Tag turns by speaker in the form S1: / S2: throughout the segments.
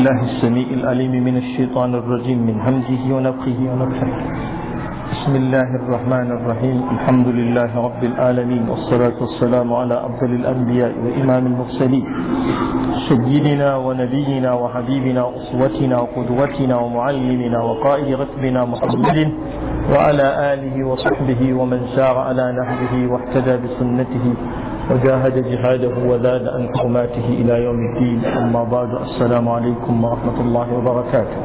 S1: بالله السميع العليم من الشيطان الرجيم من همزه ونفخه ونفخه بسم الله الرحمن الرحيم الحمد لله رب العالمين والصلاة والسلام على أفضل الأنبياء وإمام المرسلين سيدنا ونبينا وحبيبنا وأسوتنا وقدوتنا ومعلمنا وقائد ركبنا محمد وعلى آله وصحبه ومن سار على نهجه واهتدى بسنته وجاهد جهاده وزاد عن حرماته إلى يوم الدين أما بعد السلام عليكم ورحمة الله وبركاته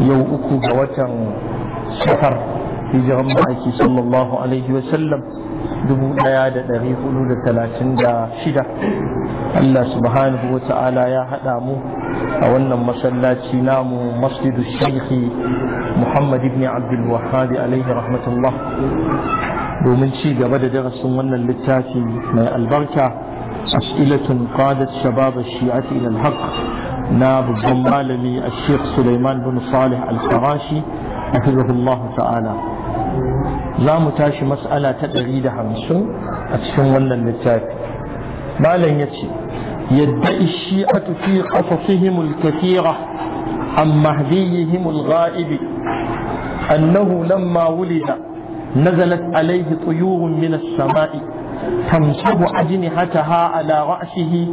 S1: يوؤك بوتن سفر في جرمعك صلى الله عليه وسلم دبو ليادة دريف أولود ثلاثين دا شدة الله سبحانه وتعالى يا هدامو أولنا مسلاتي نامو مسجد الشيخ محمد بن عبد الوهاب عليه رحمة الله domin ci gaba da darasin wannan littafi mai albarka as'ilatun qadat shabab ash-shi'ati ila al-haq na babban malami al-sheikh Sulaiman bin Salih al-Farashi hafizahu Allah ta'ala za mu tashi mas'ala ta 150 a cikin wannan littafi malam yace yadda ash-shi'atu fi qasasihim al-kathira الكثيرة عن al-ghaib annahu lamma wulida نزلت عليه طيور من السماء تنصب أجنحتها على رأسه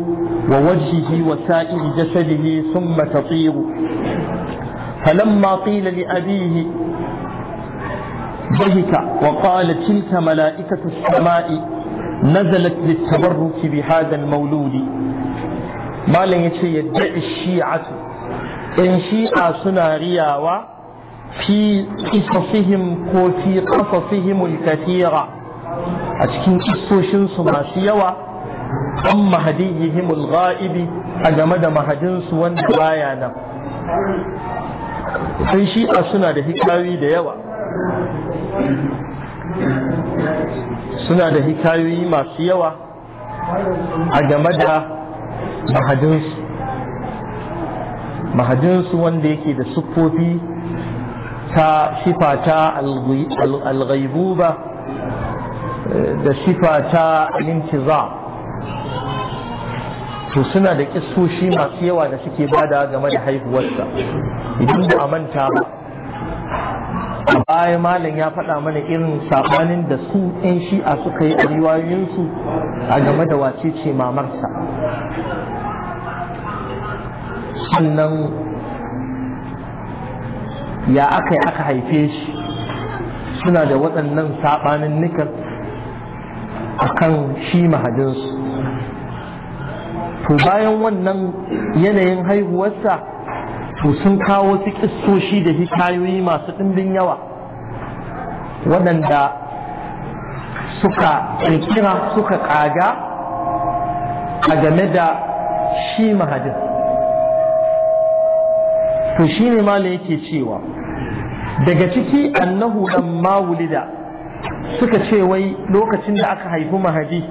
S1: ووجهه وسائر جسده ثم تطير فلما قيل لأبيه ضحك وقال تلك ملائكة السماء نزلت للتبرك بهذا المولود ما لن يتشيد الشيعة إن شيعة سناريا fi qisasihim ko fi qasasihim al-kathira a cikin kisoshin su masu yawa an mahadiyihim al-ghaibi a game da mahadin su wanda baya nan sai shi a suna da hikayoyi da yawa suna da hikayoyi masu yawa
S2: a game da
S1: mahadinsu mahadinsu wanda yake da siffofi ta shifa ta al eh, da shifa ta al to suna da kissoshi masu yawa da suke bada game da haihuwarsa idan ba a manta ba a baya malam ya faɗa mana irin saɓanin da su 'yan shi'a suka yi a riwayoyinsu a game da wace ce mamarsa sannan ya aka aka haife shi suna da waɗannan saɓanin nikan a kan shi mahadinsu to bayan wannan yanayin haihuwarsa to sun kawo su ƙistoshi da hikayoyi masu ɗimbin yawa waɗanda suka ƙirƙira suka ƙaga a game da shi mahadin to ne Malam yake cewa daga ciki annahu lamma wulida suka ce wai lokacin da aka haifi mahadi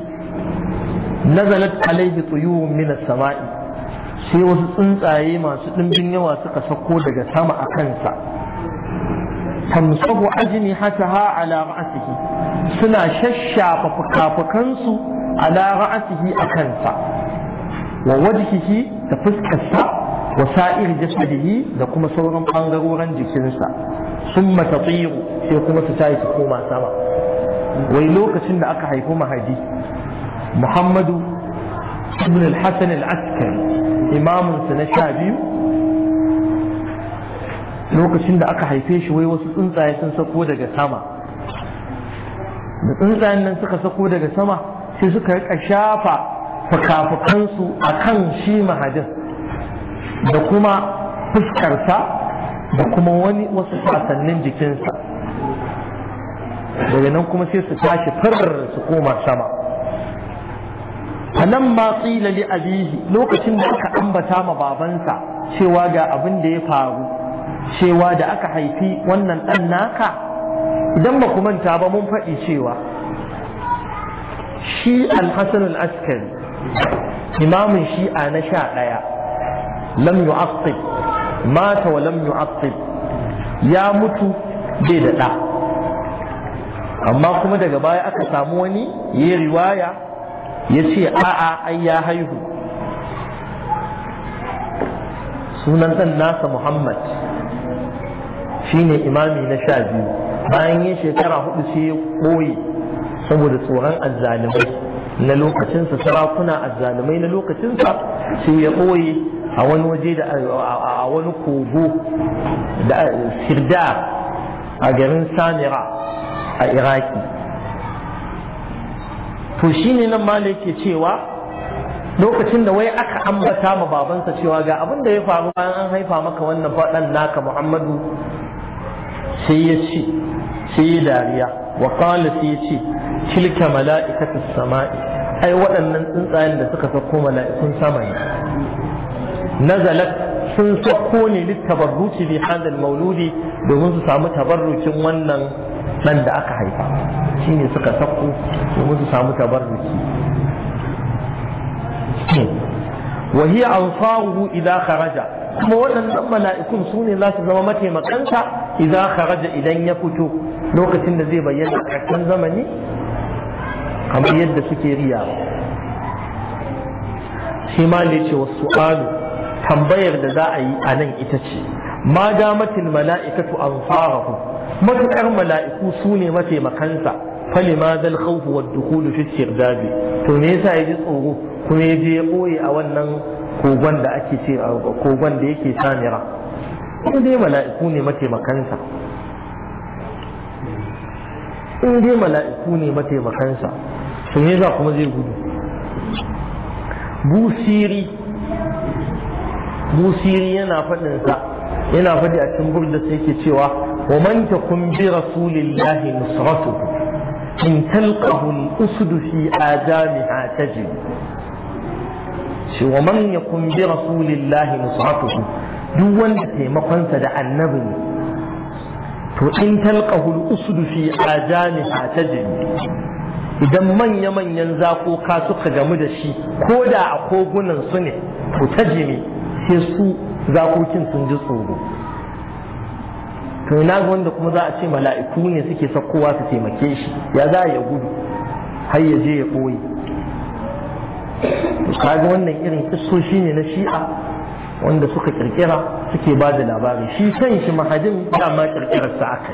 S1: nazalat alaihi tuyuwun min samai sai wasu tsuntsaye masu ɗimbin yawa suka sako daga sama a kansa tamsahu ajini hataha ala ra'asihi suna shashafa fukafukansu ala ra'asihi a kansa wa wajhihi da fuskarsa wasa'ir jasadihi da kuma sauran bangarorin jikinsa summa tatiru sai kuma su tayi su koma sama wai lokacin da aka haifi mahadi muhammadu ibn al-hasan al-askari imamun sa na sha biyu lokacin da aka haife shi wai wasu tsuntsaye sun sako daga sama da tsuntsayen nan suka sako daga sama sai suka rika shafa fuka-fukansu a shi mahadin da kuma fuskarsa da kuma wani wasu sasannin jikinsa daga nan kuma sai su tashi farar su koma sama anan ma tsila li abihi lokacin da aka ambata ma babansa cewa ga abin da ya faru cewa da aka haifi wannan ɗan naka idan ba ku manta ba mun faɗi cewa shi al askari imamin shi'a na sha ɗaya lam yu'aqqib mata wa lam yu'aqqib ya mutu bai da ɗa amma kuma daga baya aka samu wani ya riwaya ya ce a'a ai ya haihu sunan ɗan nasa muhammad shine imami na sha biyu bayan yin shekara hudu sai ya ɓoye saboda tsoron azzalumai na lokacinsa sarakuna azzalumai na lokacinsa sai ya ɓoye a wani waje da a wani kogo da sirdar a garin samira a iraki to shi ne nan malik ke cewa lokacin da wai aka ambata ma babansa cewa ga abin da ya faru bayan an haifa maka wannan faɗan naka muhammadu sai ya ce sai ya dariya wa qala sai ya ce tilka mala'ikatu sama'i ai waɗannan tsuntsayen da suka sako mala'ikun sama ne nazalat sun sauko ne littabarruci bi hadal mauludi domin su samu tabarrukin wannan dan da aka haifa shine suka sauko domin su samu tabarruki wa hiya ansaruhu idza kharaja kuma waɗannan mala'ikun sune ne za su zama mataimakansa idza kharaja idan ya fito lokacin da zai bayyana cikin zamani kamar yadda suke riya shi ma ne ce wasu alu tambayar da za a yi a nan ita ce ma damatil mala'ikatu ku, matuƙar mala'iku su ne mataimakansa fali ma zal khawfu wa dukhulu fi sirdabi to me yasa yaji tsoro kuma yaje ya ɓoye a wannan kogon da ake ce kogon da yake samira in dai mala'iku ne mataimakansa in dai mala'iku ne mataimakansa to me yasa kuma zai gudu busiri busiri yana faɗin sa yana faɗi a cikin burda sai yake cewa wa man takun bi rasulillahi nusratu in talqahu al-usd fi ajamiha tajib shi wa man yakun bi rasulillahi nusratu duk wanda taimakon sa da annabi to in talqahu al-usd fi ajamiha tajib idan manya-manyan zakoka suka gamu da shi ko da a kogunan su ne to tajimi sai su zakokin sun ji tsoro to ina ga wanda kuma za a ce mala'iku ne suke sakowa su taimake shi ya za ya gudu har ya je ya ɓoye kaga wannan irin kissoshi ne na shi'a wanda suka kirkira suke ba da labari shi san shi mahajin dama sa aka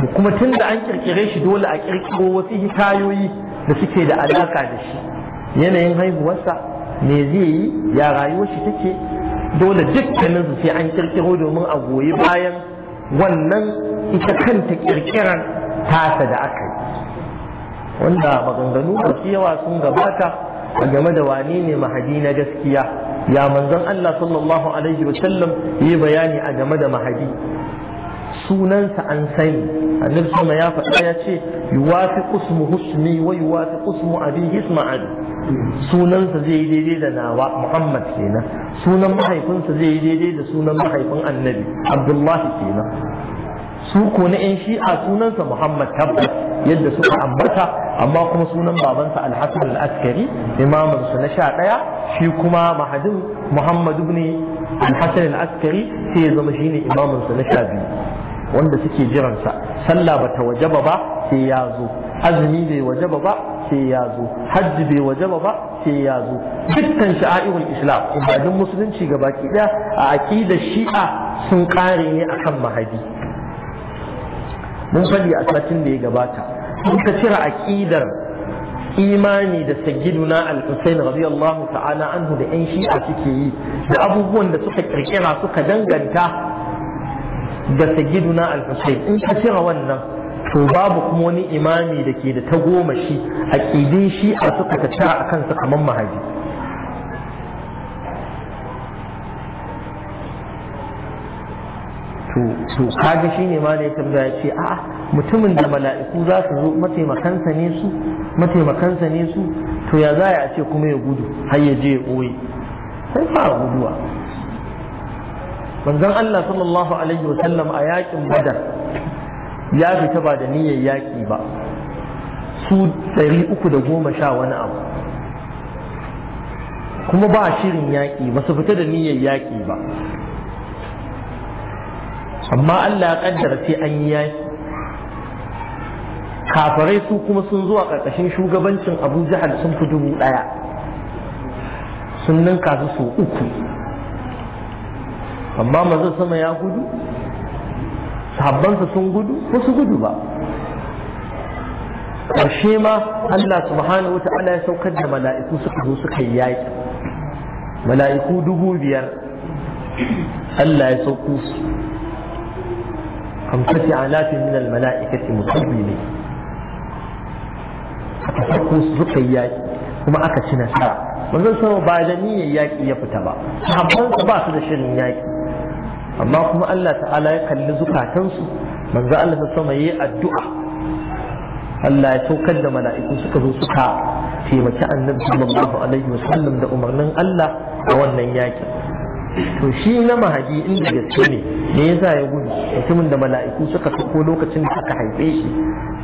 S1: yi kuma tun da an kirkire shi dole a kirkiro wasu hikayoyi da suke da alaka da shi yanayin haihuwarsa me zai yi ya rayuwa shi take dole dukkanin su sai an kirkiro domin a goyi bayan wannan ita kanta kirkiran tasa da aka yi wanda maganganu masu yawa sun gabata a game da wane ne mahadi na gaskiya ya manzon Allah sallallahu alaihi wa sallam yi bayani a game da mahadi sunansa an sani annabi sama ya faɗa ya ce yuwafi usmu husmi wa yuwafi usmu abin hisma abi sunansa zai yi daidai da nawa muhammad kenan sunan mahaifinsa zai yi daidai da sunan mahaifin annabi abdullahi kenan su ko na yan shi'a sunansa muhammad tabbas yadda suka ambata amma kuma sunan babansa alhassan al-askari imamansu na sha ɗaya shi kuma mahadin muhammad ibn alhassan al-askari sai ya zama shine imamansu na sha biyu wanda suke jiransa sallah bata wajaba ba sai ya zo azumi bai wajaba ba sai ya zo hajji bai wajaba ba sai ya zo dukkan sha'a'irul islam ibadun musulunci ga baki daya a aqidar shi'a sun kare ne akan mahadi mun faɗi a satin da ya gabata in ka cire aqidar imani da sayyiduna al-Husayn radiyallahu ta'ala anhu da yan shi'a suke yi da abubuwan da suka kirkira suka danganta da sayyiduna al-husayn in ka cire wannan to babu kuma wani imami da ke da tagomashi a ƙidin shi a suka tattara a kansa kamar mahaji to kaga shi ne ma tambaya ya ce a'a mutumin da mala'iku za su zo mataimakansa ne su mataimakansa ne su to ya za a ce kuma ya gudu har ya je ya ɓoye sai ba guduwa manzon Allah sallallahu alaihi wasallam a yakin badar ya fita ba da niyyar yaki ba su ɗari uku da goma sha wani abu kuma ba shirin yaƙi ba su fita da niyyar yaƙi ba amma Allah ya ƙaddara sai an yi yaƙi kafarai su kuma sun zuwa ƙarƙashin shugabancin abu jihar sun fi dubu ɗaya sun ninka su uku amma manzon sama ya gudu sahabbansa sun gudu ko su gudu ba ƙarshe ma Allah subhanahu wa ta'ala ya saukar da mala'iku suka zo suka yi yaƙi mala'iku dubu biyar Allah ya sauko su hamsati alafin min al-mala'ikati musabbini aka sauko su suka yi yaƙi kuma aka ci nasara manzon sama ba da niyyar yaƙi ya fita ba sahabbansa ba su da shirin yaƙi amma kuma Allah ta'ala ya kalli zukatansu manzo Allah ta sama yi addu'a Allah ya saukar da mala'iku suka zo suka taimaki annabi sallallahu alaihi wasallam da umarnin Allah a wannan yaki to shi na mahaji inda gaske ne me yasa ya gudu mutumin da mala'iku suka kako lokacin da aka haife shi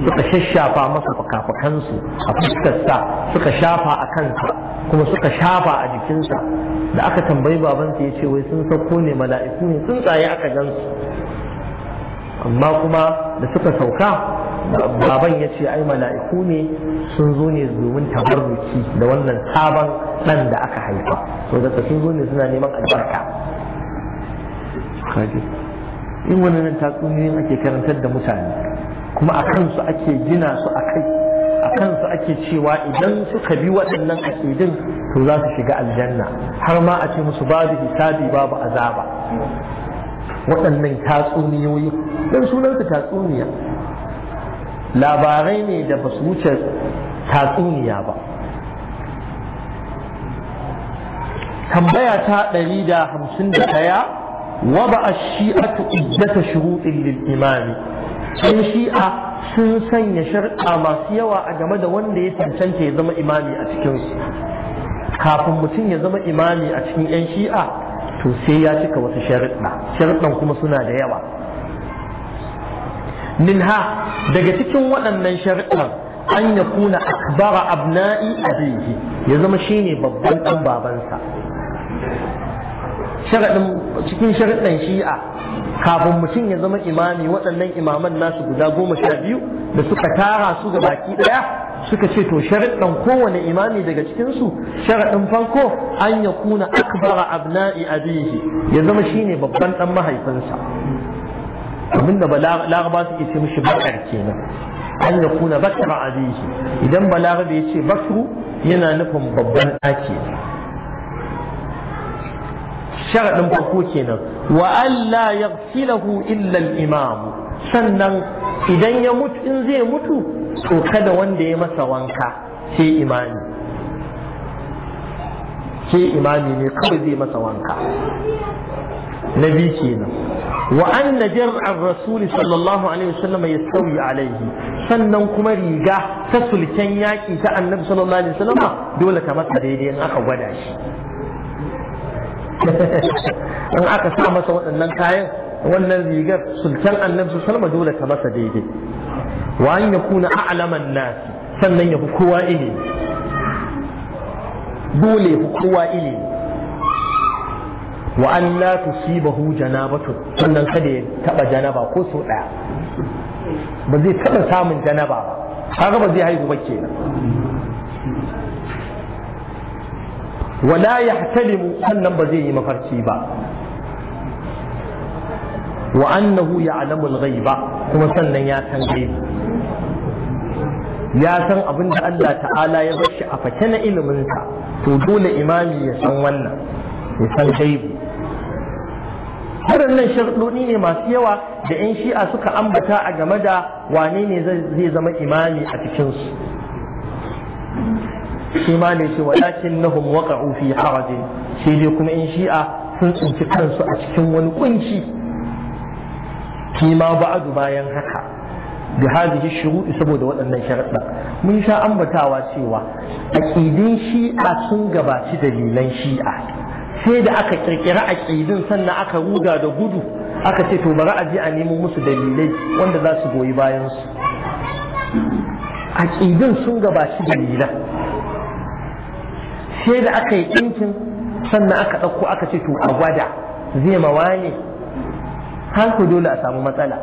S1: suka shashafa masa fukafukansu a fuskarsa suka shafa a kansa kuma suka shafa a jikinsa da aka tambayi babansa ya ce wai sun sauko ne mala'iku ne sun tsaye aka gansu amma kuma da suka sauka baban ya ce ai mala'iku ne sun zo ne domin tabarruki da wannan sabon ɗan da aka haifa to da sun zo ne suna neman albarka in wannan tatsuniyoyin ake karantar da mutane kuma a kansu ake gina su a kai a kansu ake cewa idan suka bi waɗannan aƙidin to za su shiga aljanna har ma a ce musu babu hisabi babu azaba waɗannan tatsuniyoyi don sunansu tatsuniya labarai ne da ba su wuce tatsuniya ba tambaya ta ɗari da hamsin da ɗaya wa ba a shi'atu iddata shuruɗin lil imami shi'a sun sanya shari'a masu yawa a game da wanda ya cancanta ya zama imami a cikinsu kafin mutum ya zama imami a cikin 'yan shi'a to sai ya cika wasu shari'a, sharuɗan kuma suna da yawa minha daga cikin waɗannan sharuɗan an ya kuna akbara abna'i abihi ya zama shine babban ɗan babansa sharaɗin cikin sharaɗin shi'a kafin mutum ya zama imami waɗannan imaman nasu guda goma sha biyu da suka tara su ga baki ɗaya suka ce to sharaɗin kowane imami daga cikinsu sharaɗin farko an ya kuna akbara abna'i abihi ya zama shine babban ɗan mahaifinsa abinda ba laraba suke ce mishi bakar kenan an ya kuna bakar abihi idan balarabe ya ce bakru yana nufin babban ɗaki sharaɗin farko kenan wa ya yaghsilahu illa al-imam sannan idan ya mutu in zai mutu to kada wanda ya masa wanka sai imani sai imani ne kawai zai masa wanka na biyu kenan wa anna jar'ar rasul sallallahu alaihi wasallam yastawi alaihi sannan kuma riga ta sulken yaƙi ta annabi sallallahu alaihi wasallam dole ta masa daidai in aka gwada shi in aka sa masa waɗannan kayan wannan rigar sultan annabi su salma dole ta masa daidai wa an ya kuna a'laman nasi sannan ya fi kowa ilimi dole ya fi kowa ilimi wa an la tusibahu janabatu sannan kada ya taba janaba ko so daya ba zai taba samun janaba ba kaga ba zai haihu ba kenan ولا يحتلم أن بزيه مفرشي با وأنه يعلم الغيب كما سنن يا تنغيب يا سن أبن الله تعالى يبش أفتن إلى منك تقول إمامي يسن ون يسن غيب هذا الشغلوني إيه ما سيوا بإن شيء أسك أمبتا أجمدا وانيني زي زمان إمامي أتكنس shi ma ne ce walakin nahum waqa'u fi harajin sai dai kuma in shi'a sun tsinci kansu a cikin wani kunci kima ba'adu bayan haka da bi shi saboda waɗannan sharaɗa mun sha ambatawa cewa aƙidin shi'a sun gabaci dalilan shi'a sai da aka kirkira ƙidin sannan aka ruga da gudu aka ce to bari a je a nemo musu dalilai wanda za su goyi bayansu. A ƙidin sun gabaci dalilan sai da aka yi ɗinkin sannan aka ɗauko aka ce to a gwada zai mawa ne har ku dole a samu matsala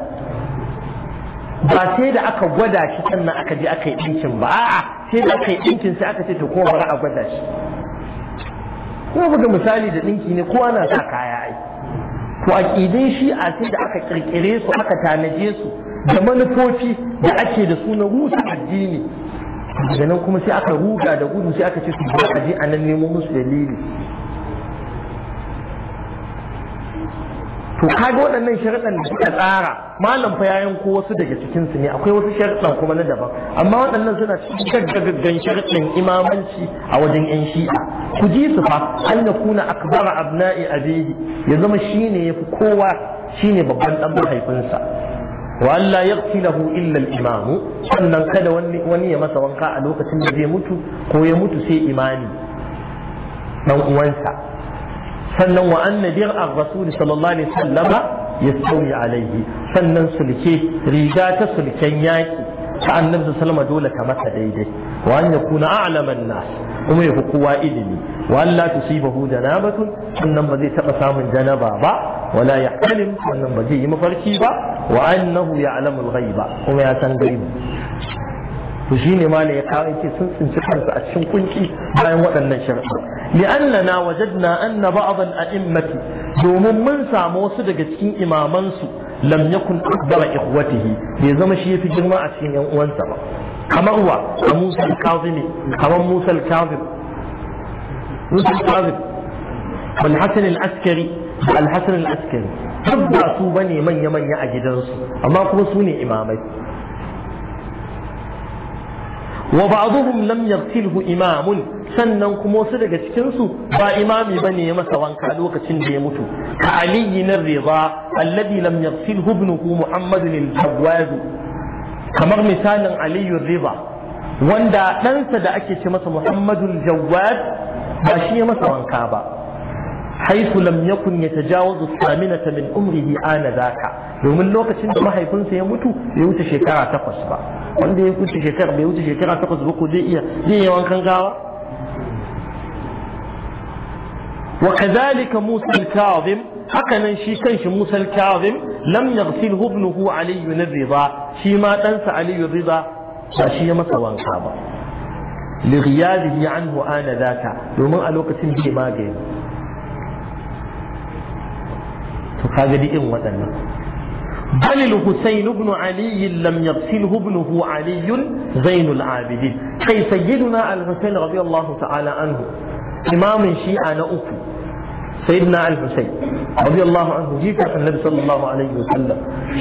S1: ba sai da aka gwada shi sannan aka je aka yi ɗinkin ba a'a sai da aka yi ɗinkin sai aka ce to kuma mara a gwada shi kuma buga misali da ɗinki ne kowa na sa kaya ai to ƙidin shi a sai da aka ƙirƙire su aka tanaje su da manufofi da ake da su na rusa addini daga nan kuma sai aka ruga da gudu sai aka ce su ba a je a nan nemo musu dalili to kaga waɗannan sharaɗan da suka tsara malam fa yayin ko wasu daga cikin su ne akwai wasu sharaɗan kuma na daban amma waɗannan suna cikin gaggan sharaɗan imamanci a wajen yan shi'a ku ji su fa an na kuna akbara abna'i abihi ya zama shine yafi kowa shine babban dan mahaifinsa wa Allah ya lahu illa al sannan kada wani ya masa wanka a lokacin da zai mutu ko ya mutu sai imani dan uwansa sannan wa anna dir'a rasul sallallahu alaihi wasallama yastawi alaihi sannan sulke riga ta sulken yaki ta annabi sallallahu alaihi dole ta masa daidai wa an yakuna a'laman nas kuma ya fi kowa ilimi wa Allah tusibahu janabatun wannan ba zai taba samun janaba ba wala ya'lam wannan ba zai yi mafarki ba wa annahu ya'lamul ghaiba kuma ya san gaibi to shine ma ne ya kawo yake sun tsinci kansu a cikin kunci bayan waɗannan shari'a li'annana wajadna anna ba'dan a'immati domin mun samu wasu daga cikin imamansu lam yakun akbara ikhwatihi bai zama shi yafi girma a cikin yan uwansa ba kamar wa a musa kazimi kamar musa kazim musa kazim wal hasan al-askari al hasan al-askari tabba su bane manya manya a gidansu sannan kuma wasu daga cikin ba imami bane ya masa wanka lokacin da ya mutu ka aliyin rida alladhi lam yaghsilhu ibnuhu muhammadun al-jawwaz kamar misalin aliyu riba wanda ɗansa da ake ce masa muhammadul jawad ba shi ya masa wanka ba haifu lam yakun ya tajawazu saminata min umrihi ana zaka domin lokacin da mahaifinsa ya mutu bai wuce shekara takwas ba wanda ya wuce shekara bai wuce shekara takwas ba ko zai iya zai yi wankan gawa wa musa al الكاظم haka nan shi kanshi musal al-Kazim lam yaghsil ibnuhu Ali ibn Ridha shi ma ɗansa Ali ibn Ridha ba shi ya masa wanka ba li ghiyadihi anhu ana zaka domin a lokacin ke magani to kaga di in waɗannan بل الحسين بن علي لم يغسله ابنه علي زين العابدين كي سيدنا الحسين رضي الله تعالى عنه إمام شيعة أكو سيدنا علي الحسين رضي الله عنه جيت النبي صلى الله عليه وسلم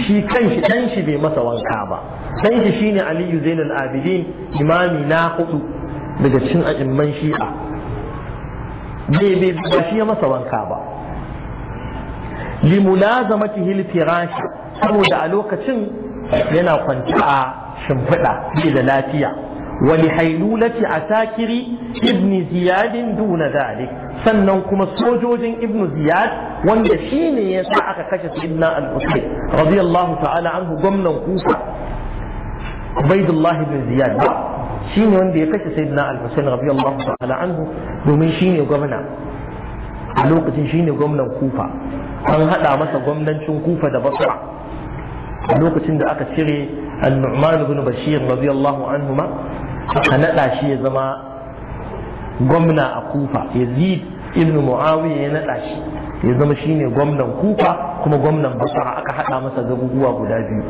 S1: شي كنش كنش بي متى الكعبة كنش شيني علي زين العابدين إمامي ناقض بدا شنع من شيعة بي بي بدا شيني متى وانكابا لملازمته لفراشة أبو دعلوك شن لنا وانكابا شنفتا بي ذلاتيه ولحيلولة عساكر ابن زياد دون ذلك sannan kuma sojojin ibnu ziyad wanda shi ne ya sa aka kashe sayyidina al-husayn radiyallahu ta'ala anhu gwamnan kufa ubaidullah ibn ziyad ba shi ne wanda ya kashe sayyidina al-husayn radiyallahu ta'ala anhu domin shi ne gwamna a lokacin shi ne gwamnan kufa an hada masa gwamnancin kufa da basra a lokacin da aka cire al-nu'man ibn bashir radiyallahu anhu ma Ka naɗa shi ya zama gwamna a kufa yazid ibn muawiya ya naɗa shi ya zama shine gwamnan kufa kuma gwamnan basra aka haɗa masa garuruwa guda biyu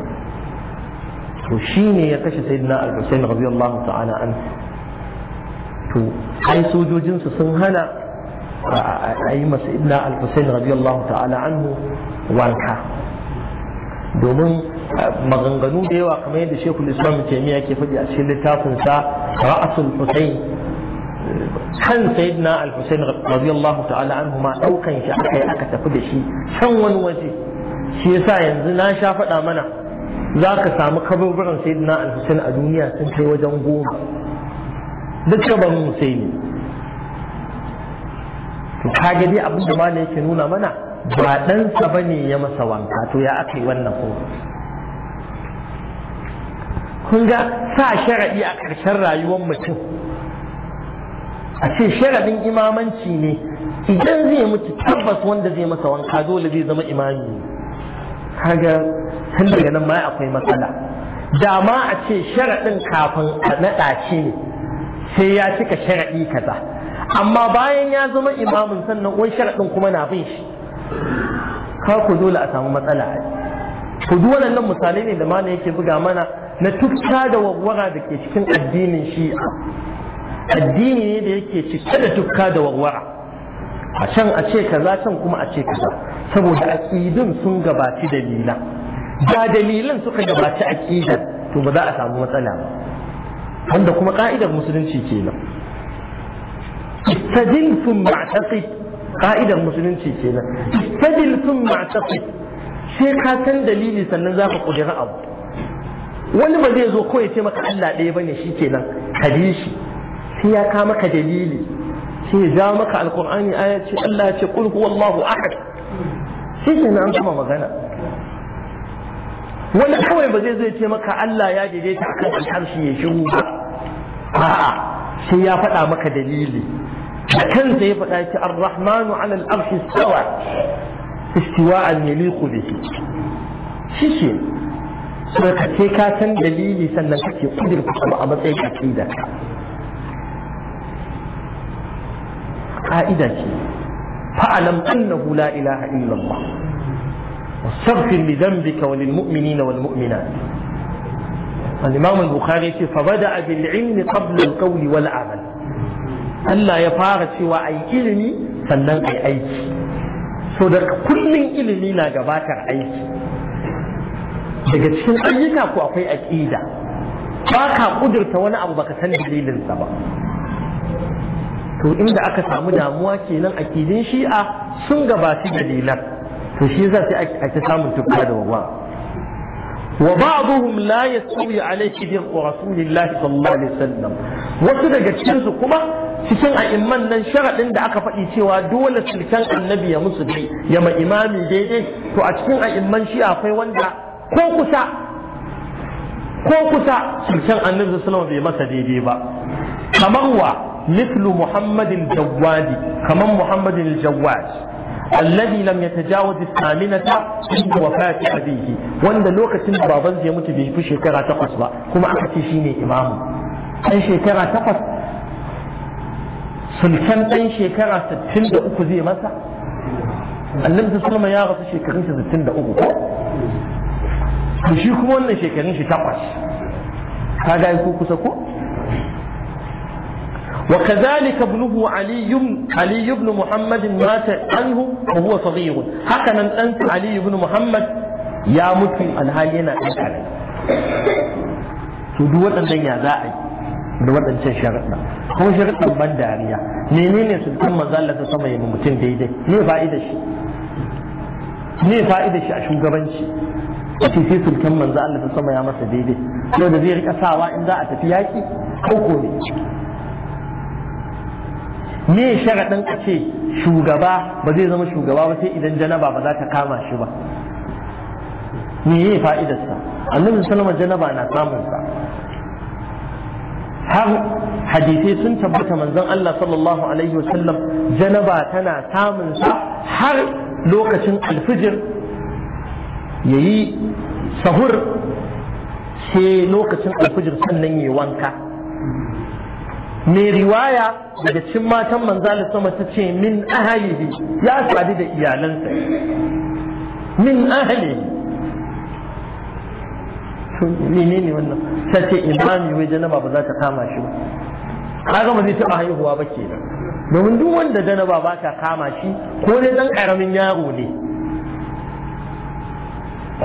S1: to ne ya kashe sayyidina al-husayn radiyallahu ta'ala an to ai sojojinsu sun hana a yi masa ibn al-husayn radiyallahu ta'ala anhu wanka domin ah, maganganu da yawa kamar yadda shekul islam taimiyya ke faɗi a cikin littafinsa ra'asul husain kan sayyidina al-husain radiyallahu ta'ala anhu ma daukan shi aka yi aka tafi da shi can wani waje shi yasa yanzu na sha faɗa mana za ka samu kaburburan sayyidina al-husain a duniya sun kai wajen goma duk kabarin husaini to kage dai abin da yake nuna mana ba ɗansa ba ne ya masa wanka to ya aka yi wannan ko kun ga sa sharaɗi a ƙarshen rayuwar mutum a ce sharaɗin imamanci ne idan zai mutu tabbas wanda zai masa wanka dole zai zama imami kaga tun daga nan ma akwai matsala Dama a ce sharaɗin kafin a naɗa ce ne sai ya cika sharaɗi kaza amma bayan ya zama imamin sannan wani sharaɗin kuma na bin shi ka ku dole a samu matsala ku duk waɗannan misalai ne da mana yake buga mana na tukka da warwara da ke cikin addinin shi'a addini ne da yake cike da tukka da warwara a can a ce kaza can kuma a ce kaza saboda aƙidun sun gabaci dalila. da dalilan suka gabaci aƙida to ba za a samu matsala ba wanda kuma ka'idar musulunci kenan istadin sun ma'tasid ka'idar musulunci kenan istadil sun ma'tafi sai ka san dalili sannan za ka ƙudira abu wani ba zai zo ko ya ce maka Allah ɗaya bane shi kenan ka bi shi sai ya ka maka dalili sai ya ja maka alkur'ani aya ce Allah ya ce qul huwallahu ahad shi kenan an kuma magana wani kawai ba zai zai ce maka Allah ya daidaita akan alharshi ya shiru ba a'a sai ya faɗa maka dalili كنت يبقى الرحمن على الأرش استوى استواء يليق به شيشي saboda sai ka san dalili sannan kake kudurta kuma a matsayin aƙida ƙa'ida ce fa'alam annahu la واستغفر لذنبك وللمؤمنين والمؤمنات الإمام البخاري فبدأ بالعلم قبل القول والعمل Allah ya fara cewa a yi ilimi sannan a yi aiki so da kullum ilimi na gabatar aiki daga cikin ayyuka ko akwai aƙida ba ka ƙudurta wani abu baka san dalilinsa ba to inda aka samu damuwa kenan kidin shi'a sun gabaci dalilan to shi za sai ake samun tuka da wawa wa ba'dhum la yastawi alayhi bi rasulillahi sallallahu alaihi wasallam wasu daga cikin su kuma cikin a'imman nan sharaɗin da aka faɗi cewa dole sulkan annabi ya musu dai ya ma imami daidai to a cikin a'imman shi akwai wanda ko kusa ko kusa sulkan annabi bai masa daidai ba kamar wa mithlu muhammadin jawadi kamar muhammadin jawad الذي لم يتجاوز الثامنة lokacin وفاة أبيه وأن لوكة بابا زي shekara بيفشي ba, تقص كما أكتشيني إمامه أي شيء shekara تقص sultan ɗan shekara 63 zai masa annabi sallama ya rasu shekarun shi 63 ko to shi kuma wannan shekarun shi takwas ka ga ko kusa ko وكذلك ابنه علي علي بن محمد مات عنه وهو صغير هكذا أنت علي بن محمد يا مسلم الهالينا أنت to duk waɗannan ya za a yi da waɗancan sharaɗa kuma sharaɗan ban dariya menene su kan mazalla ta sama yamma mutum daidai ne fa'ida shi ne fa'ida shi a shugabanci a ce sulkin sultan manzo Allah ta sama ya masa daidai yau da zai rika sawa in za a tafi yaki ko ko ne me sharaɗin a ce shugaba ba zai zama shugaba ba sai idan janaba ba za ta kama shi ba me yi fa'idarsa annabi sallama janaba na samun sa. har hadisai sun tabbata manzon Allah sallallahu alaihi wasallam janaba tana samun sa har lokacin alfijir yayi sahur sai lokacin alfijir sannan yayi wanka mai riwaya daga cikin matan manzalin sama ta ce min ahalihi ya sadu da iyalansa min ahalihi to menene wannan ta ce imami wai janaba ba za ta kama shi ba kaga ba zai taɓa haihuwa ba ke domin duk wanda janaba ba ta kama shi ko dai dan karamin yaro ne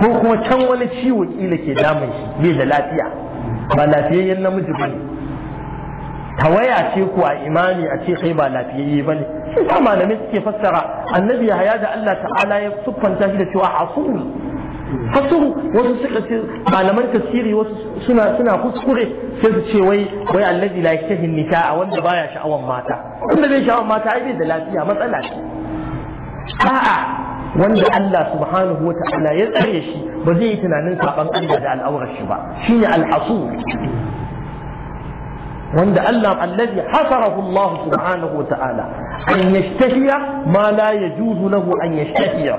S1: ko kuma can wani ciwo kila ke damun shi bai da lafiya ba lafiyayyen namiji ba ne tawaya ce ko a imani a ce kai ba lafiyayye ba ne shi sa malamai suke fassara annabi ya da Allah ta'ala ya siffanta shi da cewa hasul fassuru wasu suka ce malaman tafsiri wasu suna suna kuskure sai su ce wai wai allazi la nika a wanda baya sha'awan mata wanda bai sha'awan mata ai bai da lafiya matsala ce a'a wanda Allah subhanahu wa ta'ala ya tsare shi ba zai yi tunanin saban Allah da al'aurar shi ba shine al asul wanda Allah allazi hasarahu Allah subhanahu wa ta'ala an yashtahiya ma la yajuzu lahu an yashtahiya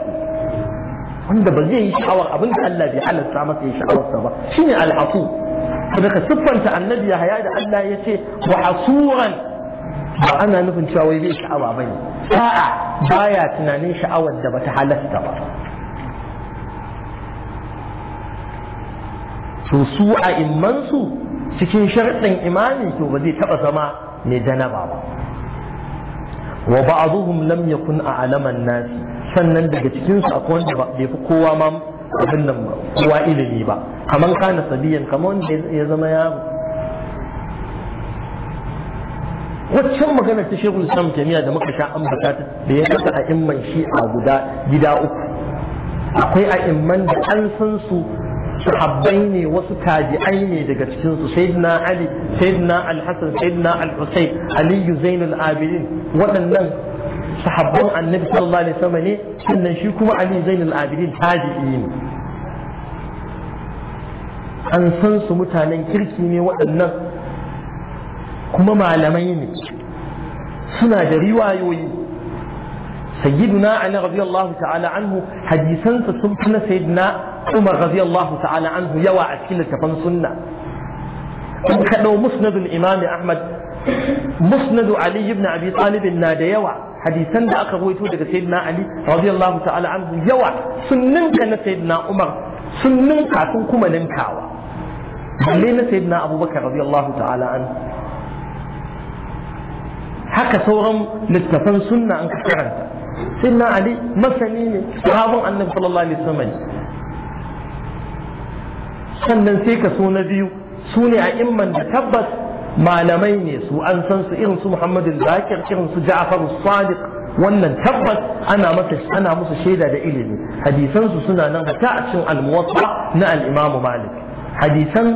S1: wanda ba zai yi sha'awar abin da Allah bai halarta masa ya sha'awarsa ba shine al'asu hasu daga siffanta annabi Yahaya da Allah ya ce wa asuran ba ana nufin cewa wai bai sha'awa bane a'a baya tunanin sha'awar da bata halasta ba to su a immansu cikin sharɗin imani to ba zai taɓa zama mai janaba ba wa ba'dhum lam yakun a'laman nasi sannan daga cikinsu akwai wanda bai fi kowa ma abin nan ba kowa ilimi ba kamar kana sabiyan kamar wanda ya zama yaro waccan magana ta shehu islam jami'a da muka sha ambata da ya kasa a imman shi a guda gida uku akwai a imman da an san su sahabbai ne wasu tabi'ai ne daga cikin su sayyidina ali sayyidina al sayyidina al-husayn aliyu zainul abidin waɗannan sahabban annabi sallallahu alaihi sannan shi kuma ali zainul abidin tabi'i ne an san su mutanen kirki ne waɗannan kuma malamai ne suna da riwayoyi sayyiduna ali radiyallahu ta'ala anhu hadisansa sun fi na sayyidina umar radiyallahu yawa a cikin littafan sunna in ka ɗau musnadul imami ahmad musnadu ali ibn abi talib na da yawa hadisan da aka rawaito daga sayyidina ali radiyallahu ta'ala anhu yawa sun ninka na sayyidina umar sun ninka sun kuma ninkawa balle na sayyidina abubakar radiyallahu ta'ala anhu haka sauran littafan sunna an ka karanta sayyidina ali masani ne sahabin annabi sallallahu alaihi wasallam sannan sai ka so na biyu su ne a imman da tabbas malamai ne su an san su irin su Muhammadu Zakir irin su Ja'far Sadiq wannan tabbas ana masa ana musu shaida da ilimi hadisan su suna nan hatta a cikin al-Muwatta na al-Imam Malik hadisan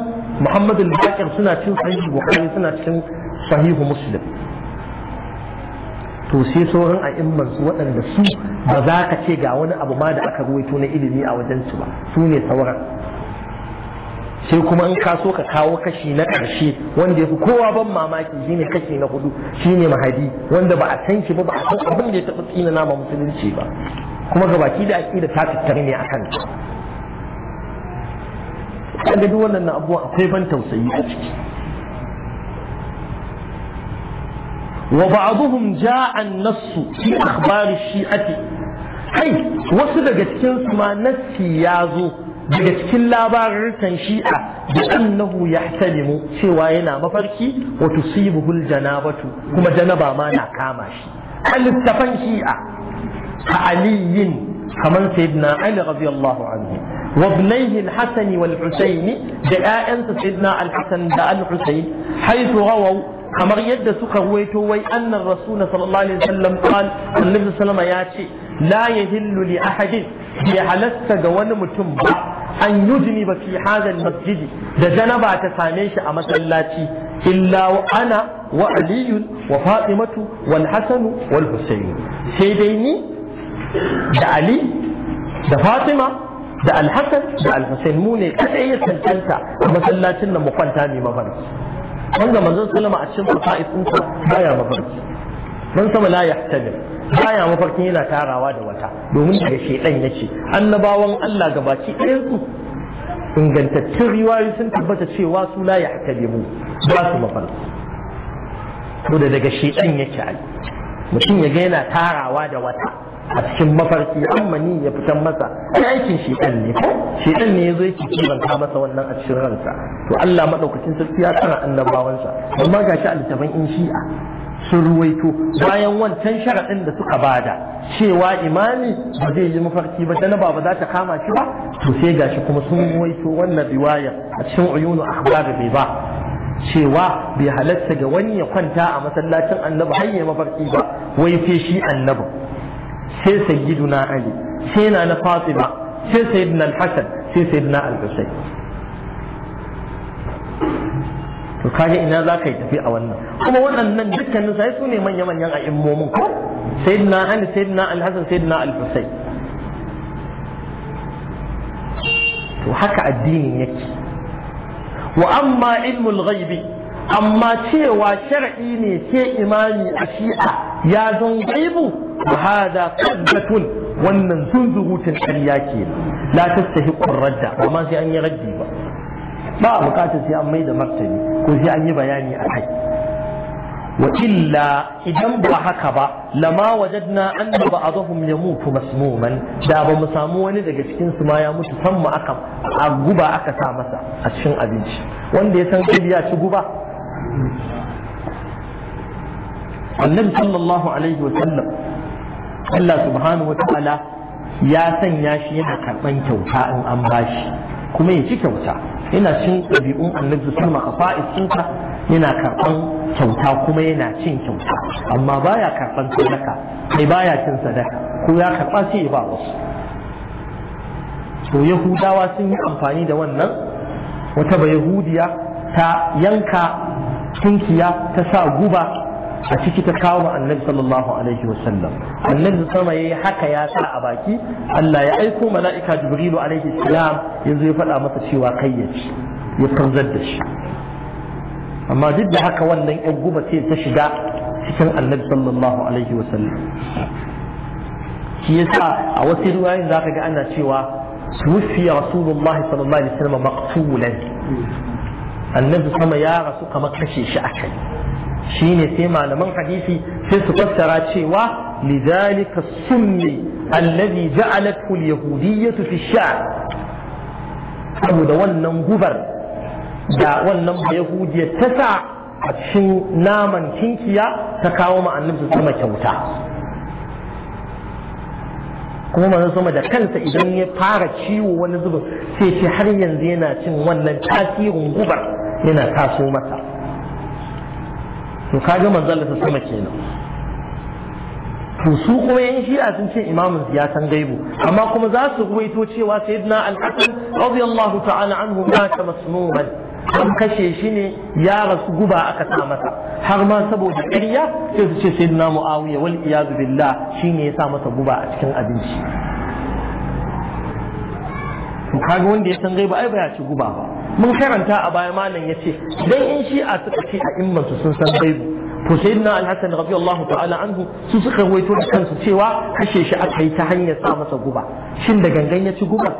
S1: Muhammadu Zakir suna cikin Sahih Bukhari suna cikin Sahih Muslim to sai sauran a'imman su waɗanda su ba za ka ce ga wani abu ma da aka ruwaito na ilimi a wajen su ba su ne sauran sai kuma in ka so ka kawo kashi na ƙarshe wanda ya fi kowa ban mamaki shine kashi na hudu shine mahadi wanda ba a san shi ba ba a san abin da ya taɓa tsina nama musulunci ba kuma ga baki da aƙida ta tattare ne akan ta kaga duk wannan na abuwa akwai ban tausayi a ciki wa ba'dhum ja'a an-nassu fi akhbar ash-shi'ati kai wasu daga cikin su ma nassi ya zo daga cikin labarin labarukan shi'a da annahu ya yahtalimu cewa yana mafarki wa tusibuhu janabatu kuma janaba ma na kama shi alittafan shi'a ka aliyin kamar sayyidina ali radiyallahu anhu wa ibnayhi al-hasan wal husayn da ƴaƴansa sayyidina al-hasan da al-husayn haythu rawu kamar yadda suka ruwaito wai annar rasul sallallahu alaihi wasallam qal annabi sallama ya ce la yahillu li ahadin ya halatta ga wani mutum ba an yujni ba fi hadal masjidi da janaba ta same shi a masallaci illa wa ana wa aliyu wa fatimatu wal hasanu wal husayn sai dai ni da ali da fatima da al hasan da al husayn mu ne kadai ya cancanta a masallacin nan mu kwanta ne mafarki wanda manzon sallama a cikin fasa'id ɗinsa baya mafarki man sama la yahtamil baya mafarkin yana tarawa da wata domin daga shedan yake annabawan Allah gabaki ɗayan su ingantattun riwayoyi sun tabbata cewa su la mu ba su mafarki ko da daga shedan yake ai mutum ya ga yana tarawa da wata a cikin mafarki amma ni ya fitan masa aikin shedan ne shedan ne yazo yake kibanta masa wannan a cikin ransa to Allah madaukakin sarki ya tsara annabawansa amma gashi a littafin in shi'a sun ruwaito bayan wancan sharaɗin da suka bada cewa imami ba zai yi mafarki ba janaba ba za ta kama shi ba to sai gashi kuma sun ruwaito wannan riwaya a cikin uyunu akhbar bai ba cewa bai halatta ga wani ya kwanta a masallacin annabi har ya mafarki ba wai sai shi annabi sai sayyiduna ali sai na na fatima sai sayyidina al-hasan sai sayyidina al-husayn to kaga ina za ka yi tafi a wannan kuma waɗannan dukkanin sai su ne manya manyan a'immomin ko sayyidina ali sayyidina al-hasan sayyidina al-husayn to haka addinin yake wa amma ilmul ghaibi amma cewa shar'i ne ke imani a shi'a ya zon gaibu wa hada qaddatun wannan sun zuhutun ƙarya ke la tastahiqu radda amma sai an yi raddi ba ba bukatar sai an mai da martani ko sai an yi bayani a kai wa illa idan ba haka ba lama wajadna anna ba'dahum yamutu masmuman da ba mu samu wani daga cikin su ma ya mutu san mu aka a guba aka sa masa a cikin abinci wanda ya san kai ya ci guba annabi sallallahu alaihi wa sallam Allah subhanahu wa ta'ala ya sanya shi yana karban kyauta in an bashi kuma ya ci kyauta Ina cin ɗabi'un annabi sallama a fa'isinsa yana karɓan kyauta kuma yana cin kyauta amma baya karɓan sadaka kai baya cin sadaka ko ya karɓa ce ya ba wasu to yahudawa sun yi amfani da wannan wata ba yahudiya ta yanka tunkiya ta sa guba a ciki ta kawo annabi sallallahu alaihi wasallam annabi sama yayi haka ya sa a baki Allah ya aiko mala'ika jibrilu alaihi salam yanzu ya faɗa masa cewa kai ya ci ya farzar da shi amma duk da haka wannan yan guba sai ta shiga cikin annabi sallallahu alaihi wasallam shi yasa a wasu ruwayoyin ka ga ana cewa توفي رسول الله صلى الله عليه وسلم مقتولا النبي صلى الله عليه وسلم يا رسول كما كشي شأكل shine sai malaman hadisi sai su fassara cewa lidhalika sunni alladhi ja'alathu al-yahudiyyatu fi sha'r saboda wannan gubar da wannan yahudiyya ta sa a cikin naman kinkiya ta kawo ma annabi kyauta kuma manzo sama da kansa idan ya fara ciwo wani zubin sai ce har yanzu yana cin wannan tasirin gubar yana taso masa to kaga manzon Allah sama kenan to su kuma yan shi'a sun ce imamin ya san gaibu amma kuma za su ruwaito cewa sayyidina al-hasan radiyallahu ta'ala anhu ta masmuman an kashe shi ne ya rasu guba aka sa masa har ma saboda ƙarya sai su ce sayyidina muawiya wal iyad billah shine ya sa masa guba a cikin abinci to kaga wanda ya san gaibu ai ba ya ci guba ba mun karanta a baya malam ya ce dan in shi'a suka ce a immansu sun san gaibu to sai na alhassan rabi Allah ta'ala anhu su suka waito da kansu cewa kashe shi aka yi ta hanyar sa masa guba shin da gangan ya ci guba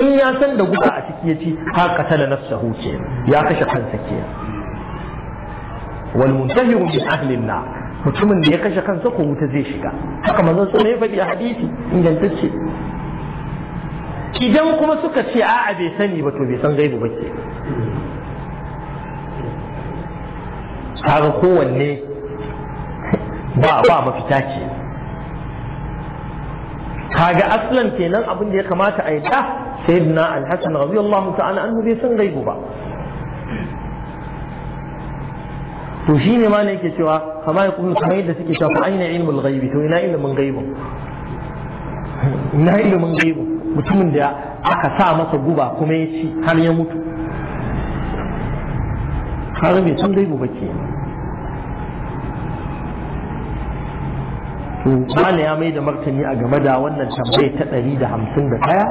S1: in ya san da guba a ciki ya ci ha qatala nafsahu ke ya kashe kansa ke wal muntahiru bi ahli na mutumin da ya kashe kansa ko wuta zai shiga haka manzon sun ya faɗi a hadisi ingantacce idan kuma suka ce a'a bai sani ba to bai san gaibu ba ke kaga kowanne ba ba mafita ce kaga aslan kenan abin da ya kamata a yi ta sayyidina al-hasan radiyallahu ta'ala annu bai san gaibu ba to shi ne ma ne yake cewa kama ya kuma kamar yadda suke shafa aina ilmul gaibi to ina ilimin gaibu ina ilimin gaibu. mutumin da aka sa masa guba kuma ya ci har ya mutu har mai can dai gobe ke Mali ya mai da martani a game da wannan tambayi ta ɗari da hamsin da ɗaya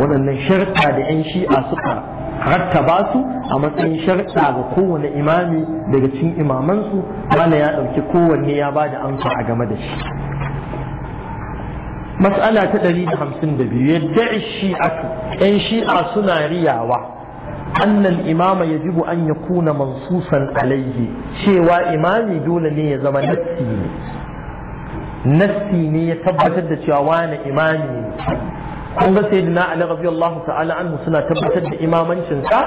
S1: waɗannan sharta da 'yan shi'a suka ba su a matsayin sharta ga kowane imami daga cikin imamansu Mali ya ɗauki kowanne ya ba da amsa a game da shi matsala ta ɗari 152 ya da'i shi'atu yan shi'a suna riyawa Annan imama ya jibu an ya kuna mansusan alayhi cewa imami dole ne ya zama nassi ne nassi ne ya tabbatar da cewa wana imami ne kun ga sai dina ala rabbi suna tabbatar da imamancinsa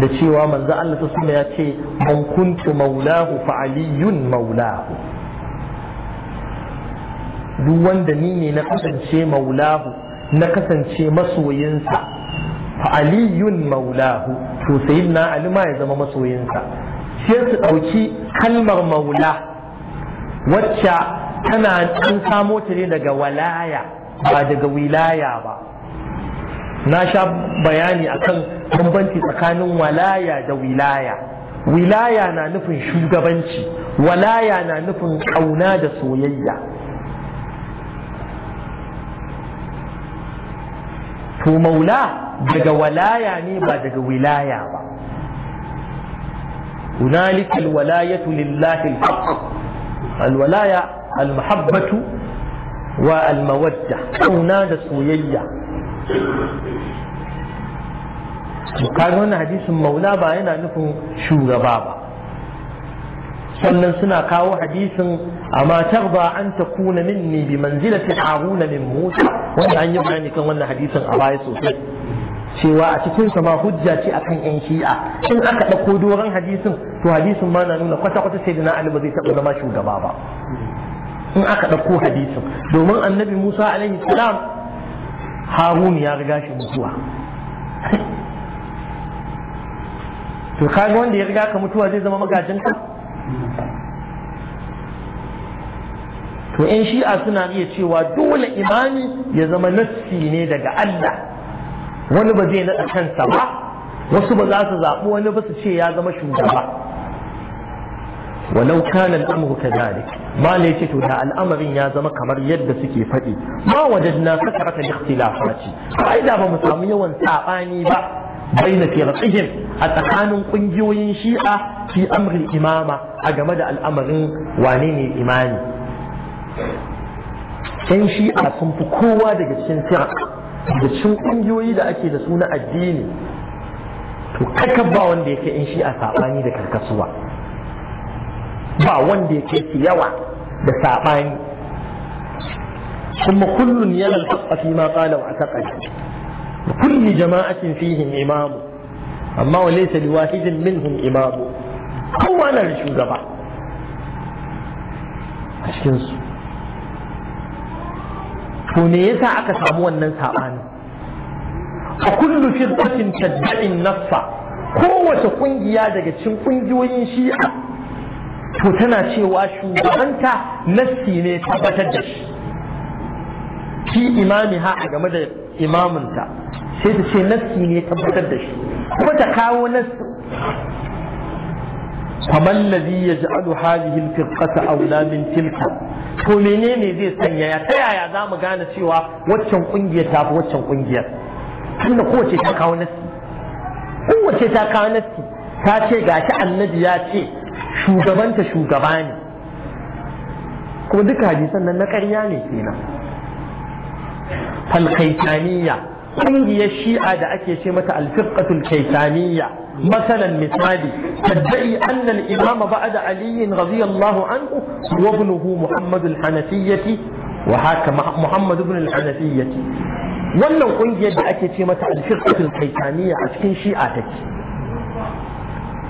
S1: da cewa manzo Allah ta sunna ya ce man kuntu maulahu fa aliyun maulahu duk wanda ni ne na kasance maulahu na kasance masoyinsa fa aliyun maulahu to na ali ma ya zama masoyinsa sai su ɗauki kalmar maula wacce tana an samo ta ne daga walaya ba daga wilaya ba na sha bayani akan bambanci tsakanin walaya da wilaya wilaya na nufin shugabanci walaya na nufin ƙauna da soyayya to maula daga walaya ne ba daga wilaya ba هنالك الولاية لله الحق الولاية المحبة والمودة هناك سوية kaga wannan hadisin maula ba yana nufin shugaba ba sannan suna kawo hadisin amma tarba an takuna minni bi manzilati haruna min musa wanda an yi bayani kan wannan hadisin a baya sosai cewa a cikin sama hujja ce akan yan shi'a in aka dauko doron hadisin to hadisin ma na nuna kwata kwata sai na ali ba zai taba zama shugaba ba in aka dauko hadisin domin annabi musa alaihi salam harun ya riga shi to kaga wanda ya riga ka mutuwa zai zama magajinta? to yan shi'a suna iya cewa dole imami ya zama nassi ne daga Allah wani ba zai naɗa kansa ba wasu ba za su zaɓi wani ba su ce ya zama shugaba ولو كان الأمر كذلك ما ليتو ده الأمر يا زما كمر يد سكي فدي ما وجدنا كثرة الاختلافات فإذا ما مسامي وان ساقاني با بين فرقهم أتقانون قنجوين شيئا في أمر الإمامة أجمد الأمر وانين الإماني yan shi'a sun fi kowa daga cikin firak da cikin ƙungiyoyi da ake da suna addini
S3: to ka ba
S1: wanda ya kai yan shi'a saɓani da karkasuwa ba wanda yake kai yawa da saɓani kuma kullun yana alhaƙa fi ma ƙala wa taƙa kulli jama'atin fihim imamu amma wa laysa wahidin minhum imamu kowa na shugaba a cikinsu to me yasa aka samu wannan sabani a kullu firqatin tad'in nafsa kowace kungiya daga cikin kungiyoyin shi'a to tana cewa shugabanta nassi ne tabbatar da shi imami ha a game da imaminta sai ta ce nassi ne tabbatar da shi kuma ta kawo nassi faman ya ji hadhihi al-firqata awla min tilka to menene zai sanya ya ta yaya zamu gane cewa waccan kungiyar ta fi waccan kungiyar tunda kowace ta kawo nasi kowace ta kawo nasi ta ce gashi annabi ya ce shugabanta shugaba ne kuma duka hadisan nan na ƙarya ne kenan falkaitaniya ƙungiyar shi'a da ake ce mata alfirkatul kaitaniya مثلا مثالي تدعي أن الإمام بعد علي رضي الله عنه وابنه محمد الحنفية وهاك محمد بن الحنفية ولو قنجي دعكي تيمة الفرقة الحيتانية أشكين شيئاتك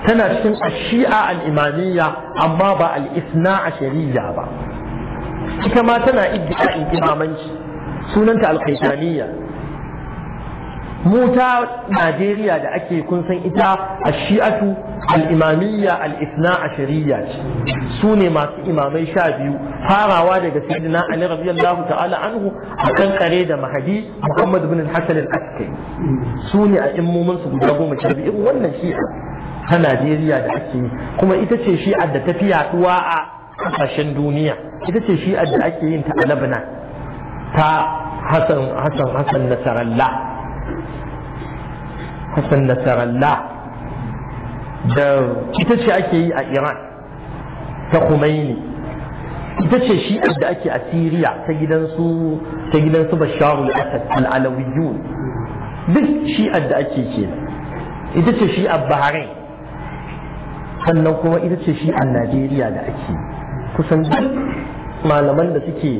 S1: سنشكين الشيعة الإمامية أما با الإثناء عشرية كما تنا إدعاء الإمامين سننت الحيتانية mu ta Najeriya da ake kun san ita a shi'atu al'imamiyya al'isna a shari'a ce su ne masu imamai sha biyu farawa daga sayyidina Ali radiyallahu ta'ala anhu a kan kare da mahadi Muhammad bin Hassan al-Askari su ne a immomin su guda goma sha biyu wannan shi'a ta Najeriya da ake yi kuma ita ce shi'a da tafi yaduwa a kasashen duniya ita ce shi'a da ake yin ta a Lebanon ta Hassan Hassan Hassan Nasarallah Hassan Nasarallah da ita ce ake yi a Iran ta Khomeini ita ce shi da ake a Siriya ta gidansu ta gidansu Bashar al-Assad al duk shi da ake ke ita ce shi a Bahrain sannan kuma ita ce shi a Najeriya da ake kusan duk malaman da suke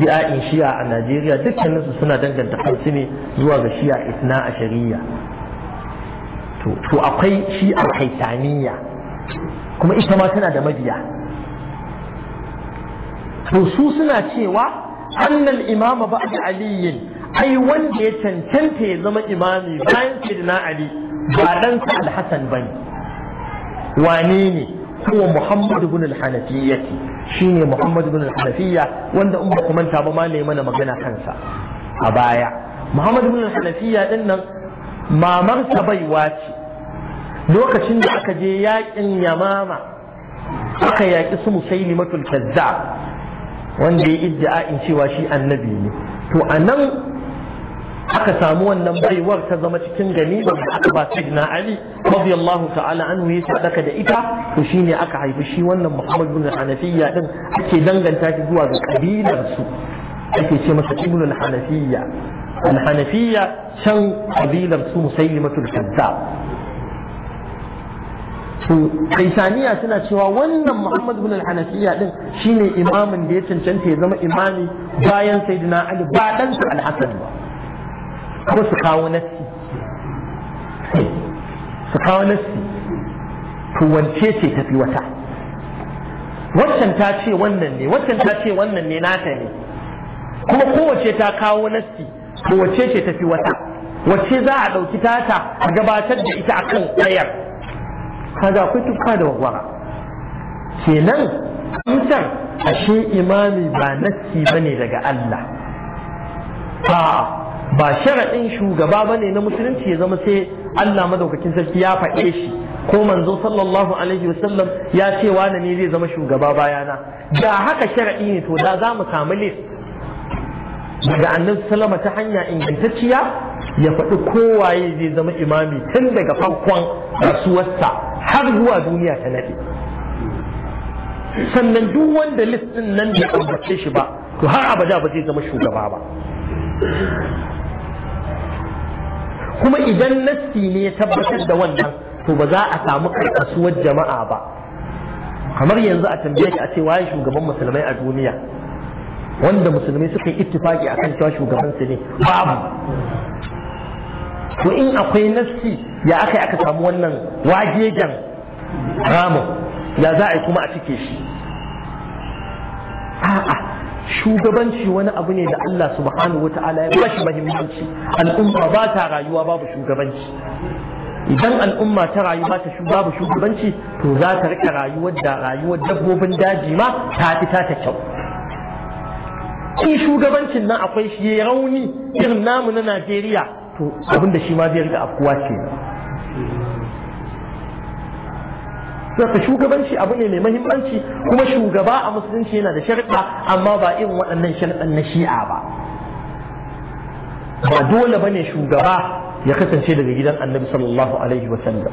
S1: bid'a'in shi'a a Najeriya dukkaninsu suna danganta kansu ne zuwa ga shi'a isna a shari'a to akwai shi alhaitaniya kuma ita ma tana da mabiya to su suna cewa annal imama ba'd aliyin ai wanda ya cancanta ya zama imami bayan sayyidina ali ba dan sa alhasan bane wane ne huwa muhammad ibn al shine muhammad ibn al wanda in ba manta ba ma ne mana magana kansa a baya muhammad ibn al din nan mamarsa baiwa ce lokacin da aka je yakin yamama aka yaƙi su musailimatul kazza wanda ya iddia'in cewa shi annabi ne to a nan aka samu wannan baiwar ta zama cikin gani, da aka ba sayyidina ali radiyallahu ta'ala anhu ya sadaka da ita to shine aka haifi shi wannan muhammad bin hanafiya din ake danganta shi zuwa ga kabilar su ake ce masa ibn al-hanafiyya alhanafiya can kabilar su musayyimatul kazzab kaisaniya suna cewa wannan muhammad bin alhanafiya din shine imamin da ya cancanta ya zama imami bayan sayyidina ali ba dan ba ko su kawo nassi su kawo nassi to ce tafi wata waccan ta ce wannan ne ta ce wannan ne nata ne kuma kowace ta kawo nassi to wacce ce tafi wata wacce za a ɗauki tata a gabatar da ita akan ɗayar kaga akwai tuffa da wawara kenan amsar ashe imami ba nassi bane daga Allah ba ba shara'in shugaba bane na musulunci ya zama sai Allah madaukakin sarki ya faɗe shi ko manzo sallallahu alaihi wasallam ya ce wani ne zai zama shugaba bayana da haka shara'i ne to da za mu samu list daga annabi salama ta hanya ingantacciya ya faɗi kowaye zai zama imami tun daga farkon rasuwarsa har zuwa duniya ta nade sannan duk wanda listin nan bai ambace shi ba to har abada ba zai zama shugaba ba kuma idan nassi ne ya tabbatar da wannan to ba za a samu karkasuwar jama'a ba kamar yanzu a tambaye ka a ce waye shugaban musulmai a duniya wanda musulmi suka yi ittifaki akan cewa shugaban ne babu to in akwai nassi ya aka aka samu wannan wajejen ramu? ya za a yi kuma a cike shi a'a shugabanci wani abu ne da Allah subhanahu wa ta'ala ya bashi muhimmanci
S3: al'umma ba ta
S1: rayuwa babu shugabanci idan al'umma ta rayu ba ta babu shugabanci to za ta rika rayuwar da rayuwar dabbobin daji ma ta fi ta ta kyau in shugabancin nan akwai shi rauni irin namu na najeriya to abin da shi ma zai riga afkuwa ce saka shugabanci abu ne mai mahimmanci kuma shugaba a musulunci yana da sharɗa amma ba irin waɗannan sharɗan na shi'a ba ba dole bane shugaba ya kasance daga gidan annabi sallallahu alaihi wa sallam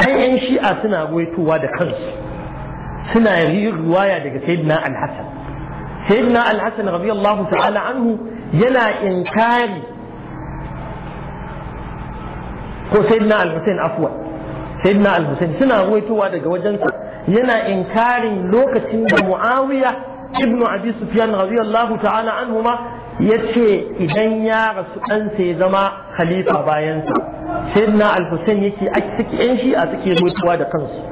S1: ai yan shi'a suna goyitowa da kansu suna yin riwaya daga sayyidina al-hasan sayyidina al-hasan radiyallahu ta'ala anhu yana inkari ko sayyidina al-husain afwa sayyidina al-husain suna ruwaitowa daga wajensa yana inkarin lokacin da muawiya ibnu abi sufyan radiyallahu ta'ala Ya ce idan ya rasu ɗansa ya zama khalifa bayansa sayyidina al-husain yake ake yan shi a suke ruwaitowa da kansu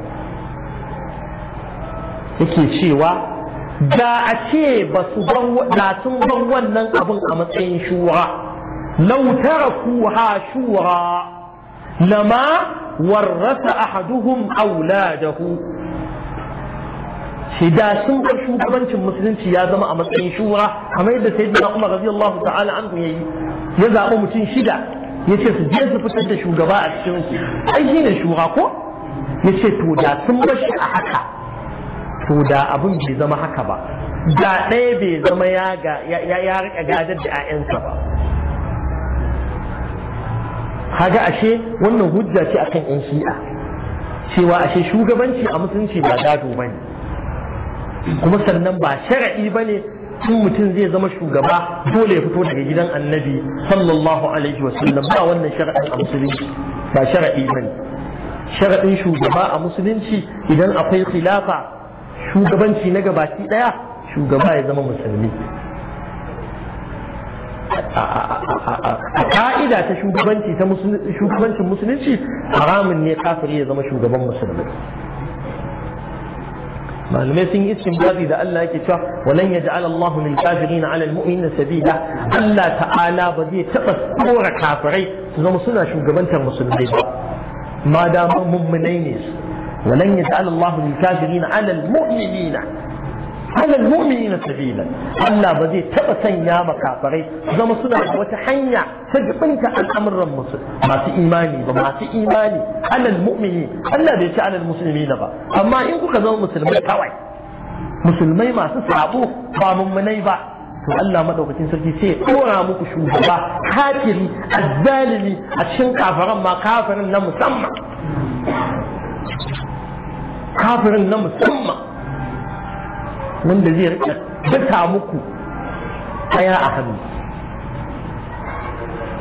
S1: yake cewa da a ce ba su da sun bar wannan abin a matsayin shura lau ha shura lama warrasa ahaduhum auladahu shi da sun bar shugabancin musulunci ya zama a matsayin shura kamar yadda sayyidina Umar radiyallahu ta'ala anhu yayi ya zaɓi mutum shida ya ce su je su fitar da shugaba a cikin ai shine shura ko ya ce to da sun bar shi a haka to da abin bai zama haka ba da ɗaya bai zama ya rika gadar da 'ya'yansa ba haga ashe wannan hujja ce akan 'yan shi'a cewa ashe shugabanci a mutunci ba gado bane kuma sannan ba shara'i bane tun mutum zai zama shugaba dole ya fito daga gidan annabi sallallahu alaihi wasallam ba wannan shara'in a musulunci ba shara'i bane. sharaɗin shugaba a musulunci idan akwai khilafa shugabanci na gabaki daya shugaba ya zama musulmi a ka'ida ta shugabanci ta shugabancin musulunci haramun ne kafiri ya zama shugaban musulmi malamai sun yi istinbadi da Allah yake cewa walan yaj'al Allah lil kafirin 'ala al mu'minin sabila Allah ta'ala ba zai taba tsora kafirai su zama suna shugabantar musulmai ba ma da mummunai ne su ولن يجعل الله للكافرين على المؤمنين على المؤمنين سبيلا ألا بدي تبتن يا مكافري زم سنة وتحنيا تجبنك الأمر المصر ما في إيماني وما في إيماني على المؤمنين ألا بيش على المسلمين با. أما إنكو كذل مسلمين كوي مسلمين ما تسعبوه فامن مني با to Allah madaukakin sarki sai kora muku shugaba kafiri azzalimi a cikin kafaran kafirin na musamman wanda zai rika daka muku ɗaya a hannu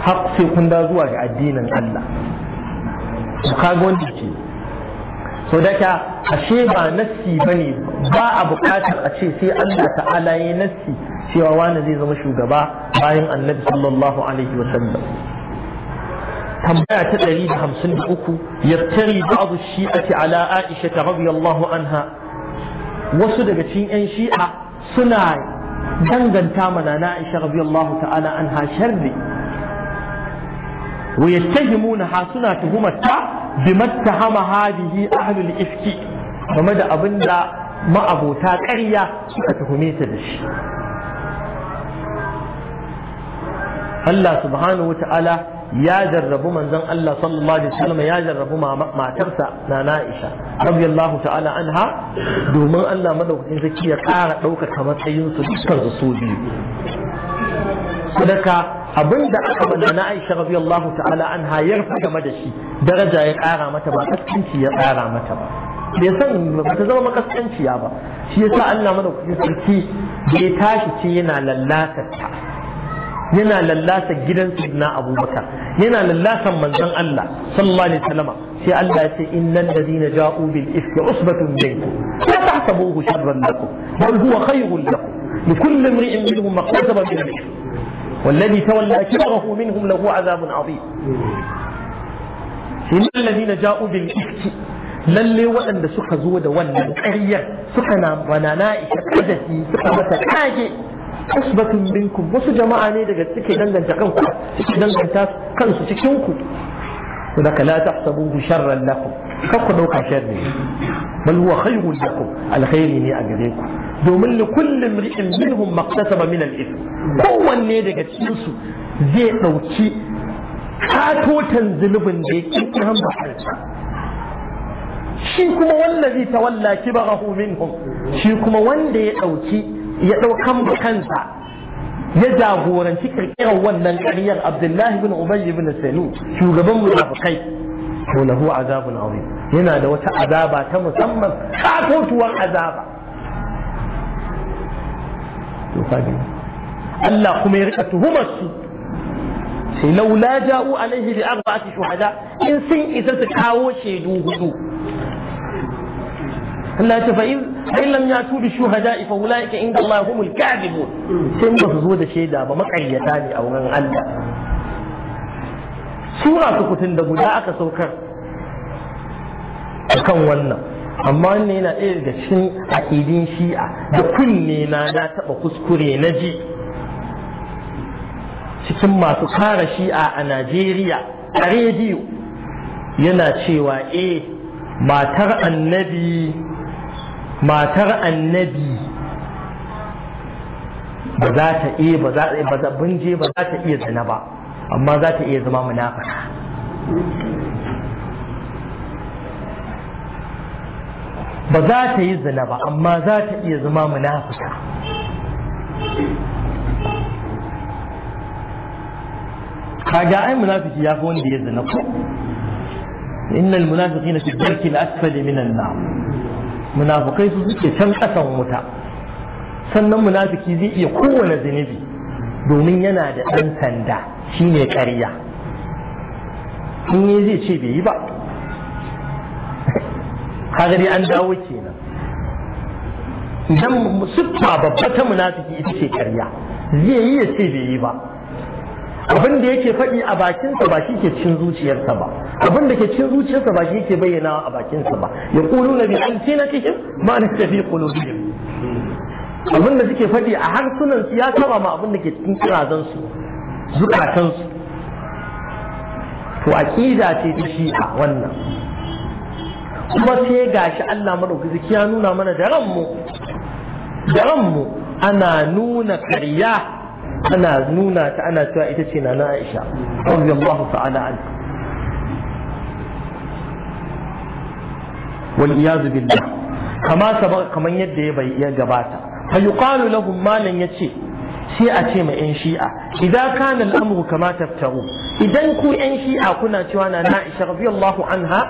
S1: har sai kun da zuwa ga addinin Allah su kaga wanda ke so ka ashe ba nassi bane ba a bukatar a ce sai Allah ta'ala ya nassi cewa wani zai zama shugaba bayan annabi sallallahu alaihi wa sallam tambaya ta 153 yaftari ba'd shi'ati ala aisha ta radiyallahu anha wasu daga cikin yan shi'a suna danganta mana na aisha radiyallahu ta'ala anha sharri wa ha suna tuhumarta bima hama hadihi ahlul ifki game da abinda ma'abota ƙarya suka tuhume ta da shi Allah subhanahu wa ta'ala ya jarrabu manzon Allah sallallahu alaihi wasallam ya jarrabu matarsa na Aisha radiyallahu ta'ala anha domin Allah madaukakin sarki ya ƙara ɗaukaka matsayin su dukkan su biyu sadaka abinda aka bada na Aisha radiyallahu ta'ala anha ya rufe game da shi daraja ya ƙara mata ba kaskanci ya ƙara mata ba bai san ba ta zama makaskanciya ba shi yasa Allah madaukakin sarki bai tashi ce yana lallata yana lallata gidan sidna abubakar yana lallatan manzon Allah sallallahu alaihi wasallam sai Allah ya ce innal ladina ja'u bil ifki usbatun minkum la tahsabuhu sharran lakum bal huwa khayrun lakum li لكل امرئ منهم ما اكتسب من الاثم والذي تولى كبره منهم له عذاب عظيم إن الذين جاءوا بالإفك lalle waɗanda suka zo da wannan ƙaryar suka na banana ita kadafi suka mata kage usbatun minkum wasu jama'a ne daga suke danganta kanku suke danganta kansu cikin ku saboda la tahsabuhu sharran lakum kar ku dauka sharri bal huwa khayrun lakum alkhairi ne a gare ku domin li kullum ri'in minhum maqtasaba min al-ithm kowanne daga cikin su zai dauki katotan zulubin da ya kirkin shi kuma wallazi tawalla kibarahu minhum shi kuma wanda ya dauki ya ɗaukan kansa ya jagoranci kirkirar wannan ƙaryar abdullahi bin ubay bin salu shugaban munafikai to lahu azabun azim yana da wata azaba ta musamman kakotuwar azaba to Allah kuma ya rika tuhumar su sai laula ja'u alaihi bi arba'ati shuhada in sun isa su kawo shaidu hudu Allah ce fa'in in lam yatu bi ifa fa ulaika inda Allah humul kadibun sai ba su zo da shaida ba makaryata ne a wurin Allah sura su kutun da guda aka saukar kan wannan amma wannan yana ɗaya daga cikin aƙidin shi'a da kunne na na taɓa kuskure na ji cikin masu kara shi'a a Najeriya a rediyo yana cewa eh matar annabi matar annabi ba za ta iya ba za bunje ba za ta iya zana ba amma za ta iya zama munafika ba za ta yi zana ba amma za ta iya zama munafika kaga ai munafiki ya fi wanda ya zana ko innal munafiqina fi dharki al-asfali min an-nar munafukai su suke can ƙasan wuta sannan munafiki zai iya kowane zunubi domin yana da ɗan sanda shi ne ƙarya in yi zai ce bai yi ba kaga an dawo kenan idan siffa babba ta munafiki ita ce ƙarya zai yi ya ce bai yi ba abin da yake faɗi a bakinsa ba shi ke cin zuciyarsa ba abin da ke cin zuciyarsa ba shi ke bayyana a bakinsa ba ya kulu na biyan an ce na cikin ma na tafi kulubihim abin da suke faɗi a harsunan su ya taba ma abin da ke cikin kirazansu zukatansu to aqida ce ta shi a wannan kuma sai gashi Allah madaukaki ya nuna mana da ranmu da ranmu ana nuna karya ana nuna ta ana cewa ita ce na Aisha radiyallahu ta'ala an wal iyazu billah kama kaman yadda ya bai ya gabata fa yuqalu lahum malan yace sai a ce ma yan shi'a idan kana al'amru kama taftaru idan ku yan shi'a kuna cewa na Aisha radiyallahu anha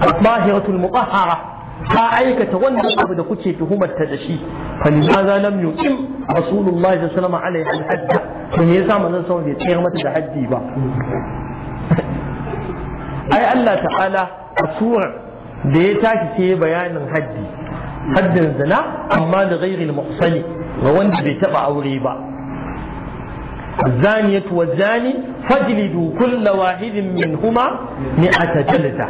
S1: al-tahiratul mutahhara ta aikata wannan abu da kuke tuhumarta da shi fa limaza lam yuqim rasulullahi sallallahu alaihi wasallam alaiha to me yasa manzon sallallahu bai tsayar mata da haddi ba ai Allah ta'ala a surar da ya tashi ce bayanin haddi haddin zina amma da ghairi al-muhsani ga wanda bai taba aure ba الزانية والزاني فاجلدوا كل واحد منهما مئة جلدة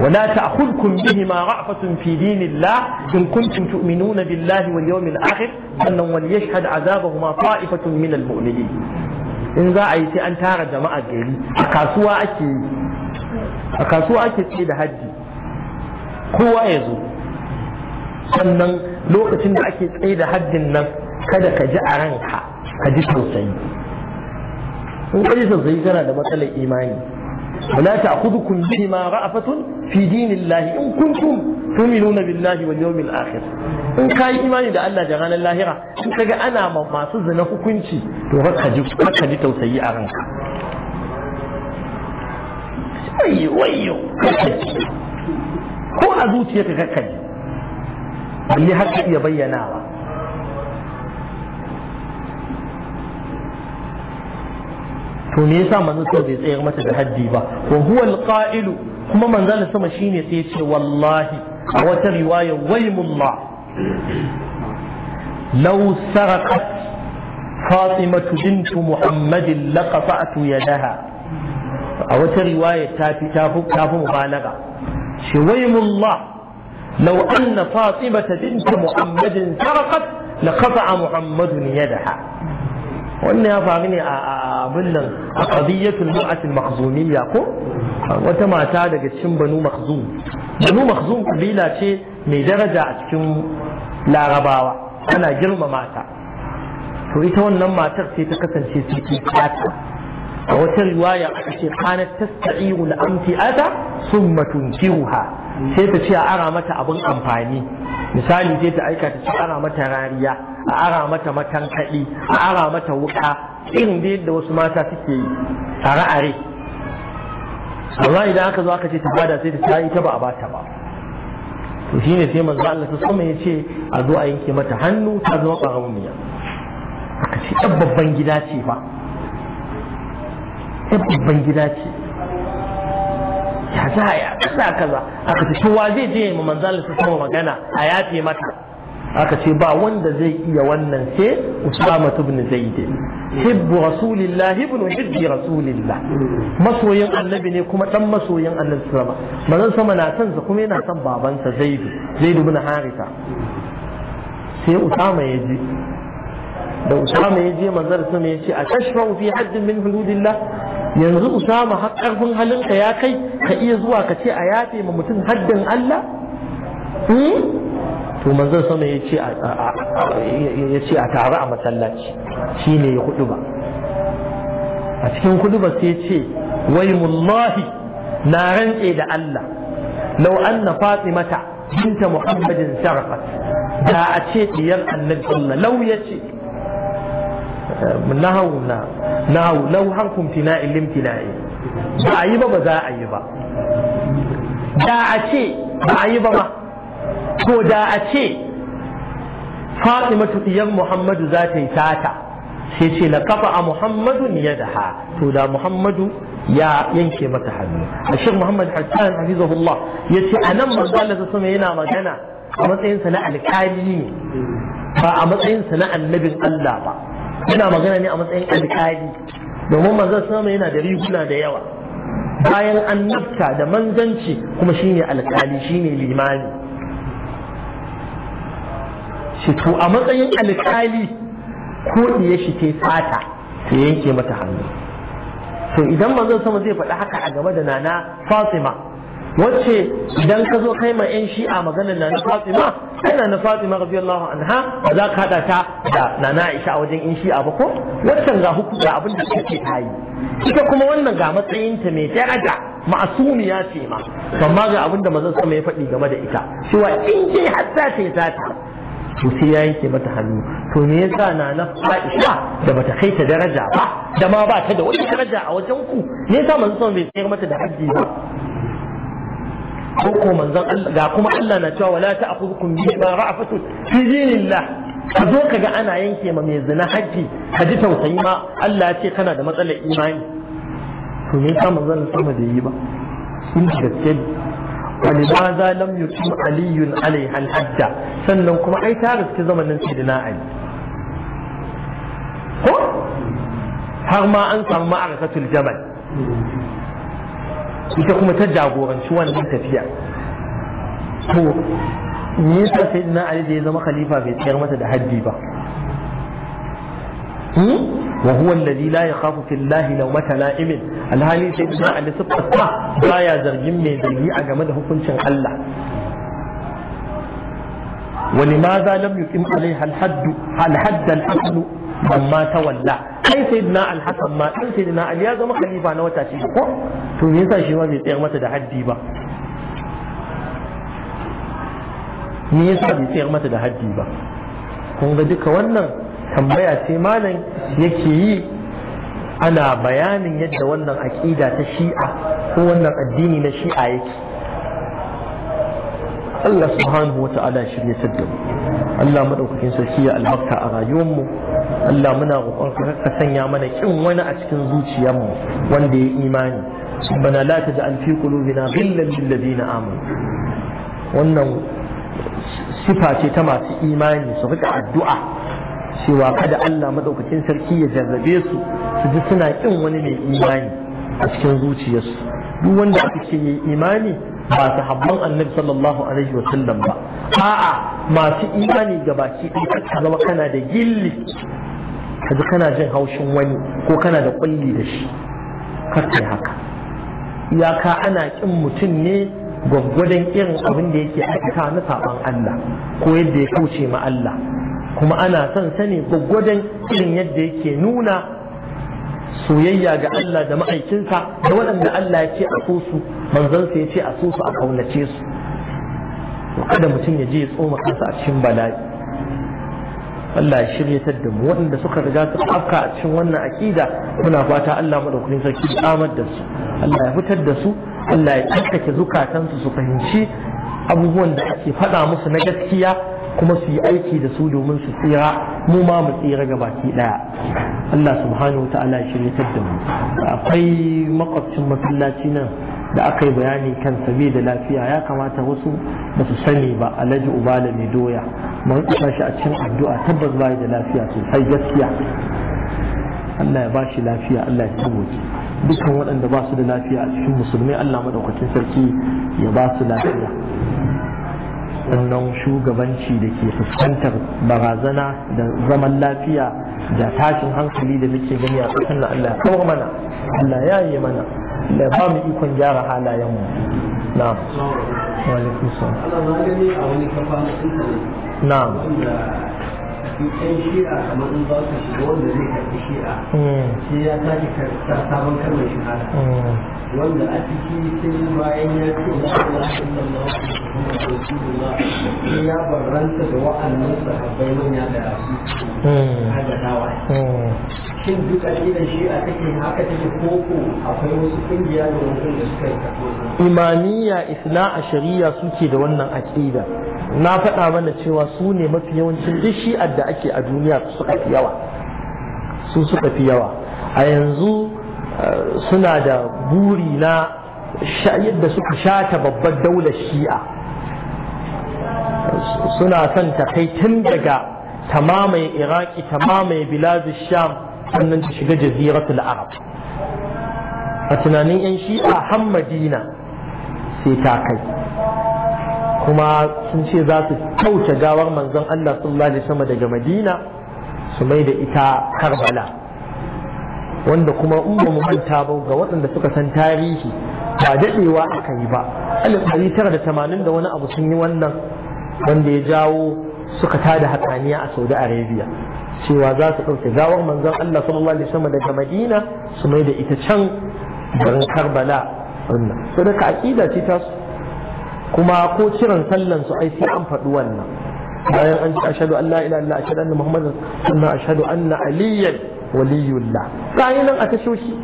S1: ولا تأخذكم بهما رأفة في دين الله إن كنتم تؤمنون بالله واليوم الآخر أنهم وليشهد عذابهما طائفة من المؤمنين إن زعيت أن ترى جماعة جري أكاسوا أكي أكاسوا أكي تيد هدي هو أيضو sannan lokacin da ake tsaye da haddin nan kada ka ji a ranka ka ji tausayi in ka ji tausayi kana da fi dinillahi in kuntum tu'minuna billahi wal yawmil akhir in kai imani da Allah da ranar lahira in kaga ana masu zina hukunci to haka ji tausayi a ranka wayyo wayyo ko a zuciyarka kakka ji balle har ka iya bayyanawa to me yasa manzo sai bai tsayar mata da haddi ba wa huwa kuma manzon sama shine sai ya ce wallahi a wata riwaya waymullah law sarqat fatimatu bint muhammadin laqata'tu yadaha a wata riwaya ta fi ta fi ta fi mubalaga shi waymullah لو أن فاطمة بنت محمد سرقت لقطع محمد يدها wannan ya faru ne a abin nan a qadiyatul mu'atil makhzumiyya ko wata mata daga cikin banu makhzum banu makhzum kabila ce mai daraja a cikin larabawa ana girmama ta to ita wannan matar sai ta kasance cikin fata a wata riwaya aka ce kana tasta'iru al ata summa tunkiruha sai ta ce a ara mata abin amfani misali sai ta aika ta ce ara mata rariya a ara mata matankaɗi a ara mata wuka irin da yadda wasu mata suke yi are-are amma idan aka zo aka ce ta bada sai ta ce ta ba a bata ba to shine sai manzo Allah ta sama ya ce a zo a yanke mata hannu ta zama ɓarauniya aka ce babban gida ce fa yan babban gida ce ya za ya kaza kaza aka ce wa zai je mu manzalin su kuma magana a yafe mata aka ce ba wanda zai iya wannan ce, usama ibn zaid hibbu rasulillah ibn hibbi rasulillah masoyin annabi ne kuma dan masoyin annabi sama manzon sama na son sa kuma yana son babansa zaid zaid ibn harisa sai usama ya ji da usama ya je manzar sama ya ce a tashfa fi haddin min hududillah yanzu usama har karfin halinka ya kai ka iya zuwa ka ce a yafe ma mutum haddin Allah hmm? to manzon sama ya ce ce a tare a masallaci shine ya hudu ba a cikin hudu ba sai ce wai mullahi na rantse da Allah law anna fatimata binta muhammadin sarfat da a ce diyar annabi sallallahu alaihi wasallam law yace nahau na nahau lau hankum tina'in ba a yi ba ba za a yi ba da a ce ba a yi ba ma ko da a ce fatimatu diyar muhammadu za ta yi tata sai ce kafa a muhammadu ya da ha to da muhammadu ya yanke mata hannu a shek muhammad hassan hafizahullah ya ce a nan manzala ta sama yana magana a matsayinsa na alkali ne ba a matsayinsa na annabin allah ba yana magana ne a matsayin alƙali domin manzon sama yana da riguna da yawa bayan annabta da manzanci kuma shine alƙali shine limami shi to a matsayin alƙali ko ya shike fata ta yanke mata hannu to idan manzo sama zai faɗi haka a game da nana Fatima wacce idan ka zo kai ma yan shi'a maganar na Fatima kana na Fatima radiyallahu anha za ka haɗa ta da nana Aisha a wajen yan shi'a ba ko waccan ga hukunta abin da take tayi ita kuma wannan ga matsayin ta mai daraja ma'asumiya ce ma amma ga abin da sama ya faɗi game da ita cewa in dai har za ta yi zata to sai ya yanke mata hannu to me yasa na na Aisha da bata kai ta daraja ba da ma ba ta da wani daraja a wajen ku me yasa manzon sama bai tsayar mata da haji ba ko manzon Allah ga kuma Allah na cewa wala ta'khudhukum bima ra'afatu fi dinillah ka zo kaga ana yanke ma mai zina haji ka ji tausayi ma Allah ya ce kana da matsalar imani to me yasa manzon sama da yi ba in gaske ولماذا لم يتم علي عليها الحد sannan kuma ai ta riski zamanin sayyidina ali ko har ma an samu ma'arakatul jamal ita kuma ta jagoranci wannan tafiya to me yasa sai na ali da ya zama khalifa bai tsayar mata da haddi ba wa huwa alladhi la yakhafu fi llahi lawmata la'imin alhali sai na ali sifarsa baya zargin mai zargi a game da hukuncin Allah ولماذا لم يقم عليها الحد الحد الأصل عما تولى kai sai na alhassan ma sai ali ya zama khalifa na wata shida ko to me yasa shi ma bai tsayar mata da haddi ba me yasa bai tsayar mata da haddi ba kun ga duka wannan tambaya ce malam yake yi ana bayanin yadda wannan aƙida ta shi'a ko wannan addini na shi'a yake Allah subhanahu wa ta'ala shirya da mu Allah madaukakin sarki ya albarka a rayuwar mu Allah muna roƙon ka sanya mana kin wani a cikin zuciyarmu wanda ya imani subhana la taj'al fi qulubina ghillan lil ladina amanu wannan sifa ce ta masu imani su rika addu'a cewa kada Allah madaukakin sarki ya jarrabe su su ji suna kin wani mai imani a cikin zuciyarsu duk wanda ake yi imani ba su sahabban annabi sallallahu alaihi wa sallam ba a'a masu imani ga baki ka zama kana da gilli ji kana jin haushin wani ko kana da kulli da shi kar haka iyaka ana kin mutum ne gwaggwadon irin abin da yake aikata na saban Allah ko yadda ya kauce ma Allah kuma ana son sani gwaggwadon irin yadda yake nuna soyayya ga Allah da ma'aikinsa da waɗanda Allah ya ce a so su manzon sai ya ce a so su a kaunace su kada mutum ya je ya tsoma kansa a cikin bala'i Allah ya shiryatar da mu waɗanda suka riga suka afka a cikin wannan aƙida muna fata Allah madaukakin sarki ya amar da su Allah ya fitar da su Allah ya tsarkake zukatansu su fahimci abubuwan da ake faɗa musu na gaskiya kuma su yi aiki da su domin su tsira mu ma mu tsira ga baki daya Allah subhanahu wa ta'ala ya shiryatar da mu akwai makwabcin masallaci nan da aka yi bayani kan sabi da lafiya ya kamata wasu ba su sani ba alhaji ubala mai doya mu rika shi a cikin addu'a tabbas bai da lafiya sosai gaskiya Allah ya ba shi lafiya Allah ya tabbata dukkan waɗanda ba su da lafiya a cikin musulmai Allah madaukakin sarki ya ba su lafiya sannan shugabanci da ke fuskantar barazana da zaman lafiya da tashin hankali da muke gani a ƙasar Allah ya kawo mana Allah ya yi mana da ba mu ikon gyara halayenmu na walikusa
S3: na yan kamar in su shiga wanda zai karfi hmm. sai ya sake sabon kalmar shahada hmm. wanda a ciki sai bayan ya ce ya barranta da a hmm. hmm. take haka take da wasu
S1: da imamiyya isna a shari'a suke da wannan aƙida na faɗa mana cewa su ne mafi yawancin duk shi'ar da ake a duniya suka fi yawa su suka fi yawa a yanzu eh, suna da buri na yadda suka shata babbar daular shi'a suna son ta kai tun daga ta mamaye iraki ta mamaye sham sannan ta shiga jaziratul arab a tunanin yan shi'a Hamadina sai ta kai kuma sun ce za su kauce gawar manzon Allah sallallahu alaihi wasallam daga madina su mai da ita karbala wanda kuma in ba mu manta ba ga waɗanda suka san tarihi ba dadewa aka yi ba alif ɗari tara da wani abu sun yi wannan wanda ya jawo suka tada hatsaniya a saudi arabia cewa za su ɗauke gawar manzon allah sallallahu alaihi wasallam daga madina su mai da ita can garin karbala wannan sadaka Aqida ce ta kuma ko kiran sallan su ai sai an faɗi wannan bayan an ce ashhadu an la ilaha illa ashhadu anna muhammadan sunna ashhadu anna aliyan waliyullah sai nan a tashoshi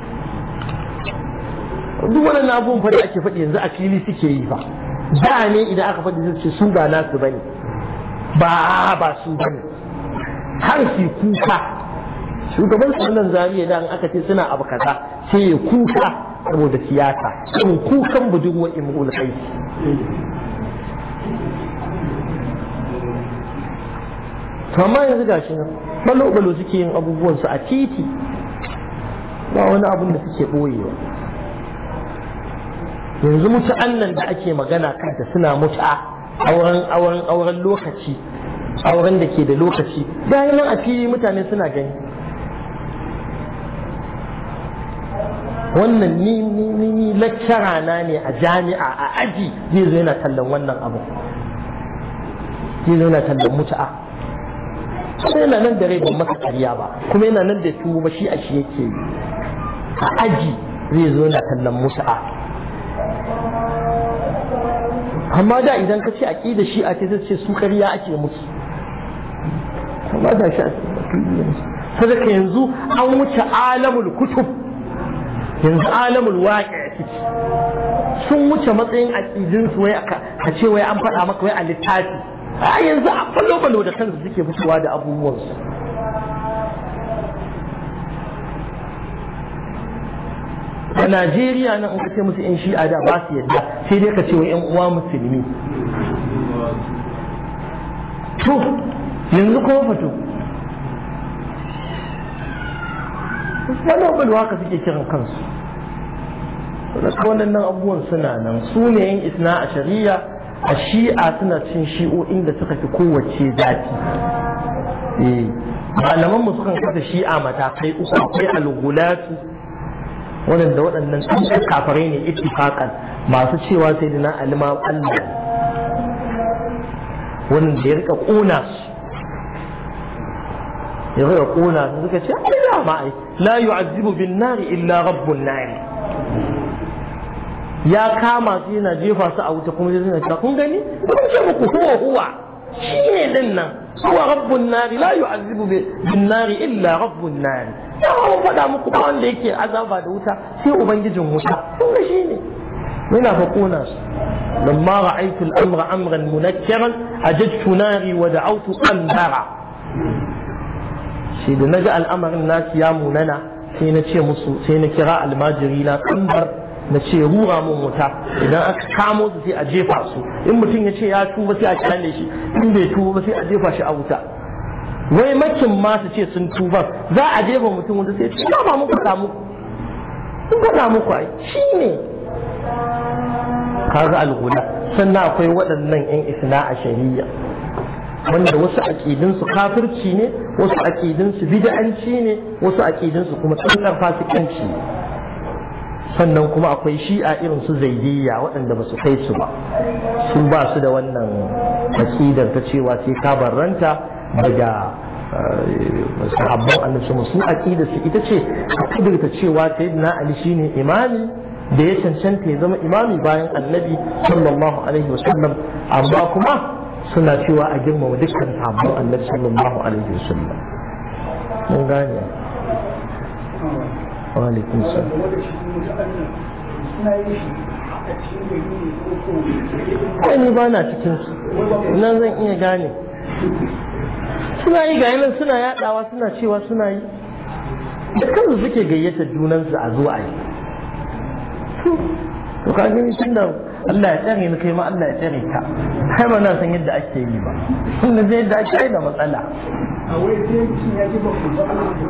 S1: duk wannan abubuwan fa da ake faɗi yanzu a fili suke yi fa da ne idan aka faɗi zuci su ba nasu bane ba ba su ne har su kuka shugaban sunan zariya da aka ce suna abu kaza sai ya kuka saboda siyasa in kukan budurwa imrul kai amma yanzu gashi nan balo balo suke yin abubuwansu a titi ba wani abun da suke ɓoyewa yanzu mutu'an nan da ake magana kanta suna mutu'a auren auren auren lokaci auren da ke da lokaci bayan nan a fili mutane suna gani wannan ni ni ni lakcara na ne a jami'a a aji zai zo yana tallan wannan abu zai zo yana tallan mutu'a kuma yana nan da rai ban masa karya ba kuma yana nan da tuwo ba shi a shi yake yi a aji zai zo yana tallan mutu'a amma da idan ka ce a ƙi da shi a ce ce su ƙarya ake musu amma da shi a sadaka yanzu an wuce alamul kutub yanzu alamul waƙi ciki sun wuce matsayin aƙidin su wai a ce wai an faɗa maka wai a littafi a yanzu a balo-balo da kansu suke mutuwa da abubuwansu a najeriya nan in ka ce musu yan shi'a da ba su yadda sai dai ka ce wa yan uwa musulmi to yanzu kuma fito wannan bulwa ka suke kiran kansu wannan abubuwan suna nan su ne yan isna a shari'a a shi'a suna cin shi'o'in da suka fi kowace zafi eh, malaman mu sukan kasa shi'a matakai uku akwai al-gulatu wannan da waɗannan sun kafare ne ittifaqan masu cewa sai dina alima Allah wannan da ya rika ƙuna ya rika ƙuna su suka ce Allah ma ai la yu'azzibu bin nari illa rabbun nari ya kama su yana jefa su a wuta kuma sai suna cewa kun gani kun ce muku huwa huwa shi ne din huwa rabbun nari la yu'azzibu bin nari illa rabbun nari ya mu faɗa muku ba wanda yake azaba da wuta sai ubangijin wuta kun ga shine muna faƙuna su لما رأيت الأمر أمرا منكرا أجدت ناري ودعوت أنبارا سيد نجأ الأمر الناس يا مننا سينا شيء مصر سينا كراء الماجري لا تنبر نشي غورا مموتا إذا أكتامو سي أجيب عصو إما تنجي يا توبة سي أجيب عصو إما تنجي أجيب عصو wai makin ma su ce sun tuba za a jefa mutum wanda sai ce ba mu faɗa muku sun faɗa muku ai shi ne kaga sannan akwai waɗannan yan isna a shari'a wanda wasu aƙidinsu kafirci ne wasu aƙidinsu bid'anci ne wasu aƙidinsu kuma tsankar fasikanci sannan kuma akwai shi'a irin su zaidiyya waɗanda ba su kai su ba sun ba su da wannan aƙidar ta cewa sai ka barranta daga eh, sahabban annabi su aqida su ita ce kudurta cewa sayyidina ali shine imami da ya cancanta ya zama imami bayan annabi sallallahu alaihi wasallam amma kuma suna cewa a girmama dukkan sahabban annabi sallallahu alaihi wasallam mun gane wa alaikum salam ba na cikin nan zan iya gane suna yi ga nan suna yadawa suna cewa suna yi da kansu suke gayyata junansu a zuwa yi to ka gani tun da Allah ya tsare ni kai ma Allah ya tsare ka kai ma na san yadda ake yi ba tun da yadda ake yi da matsala
S3: a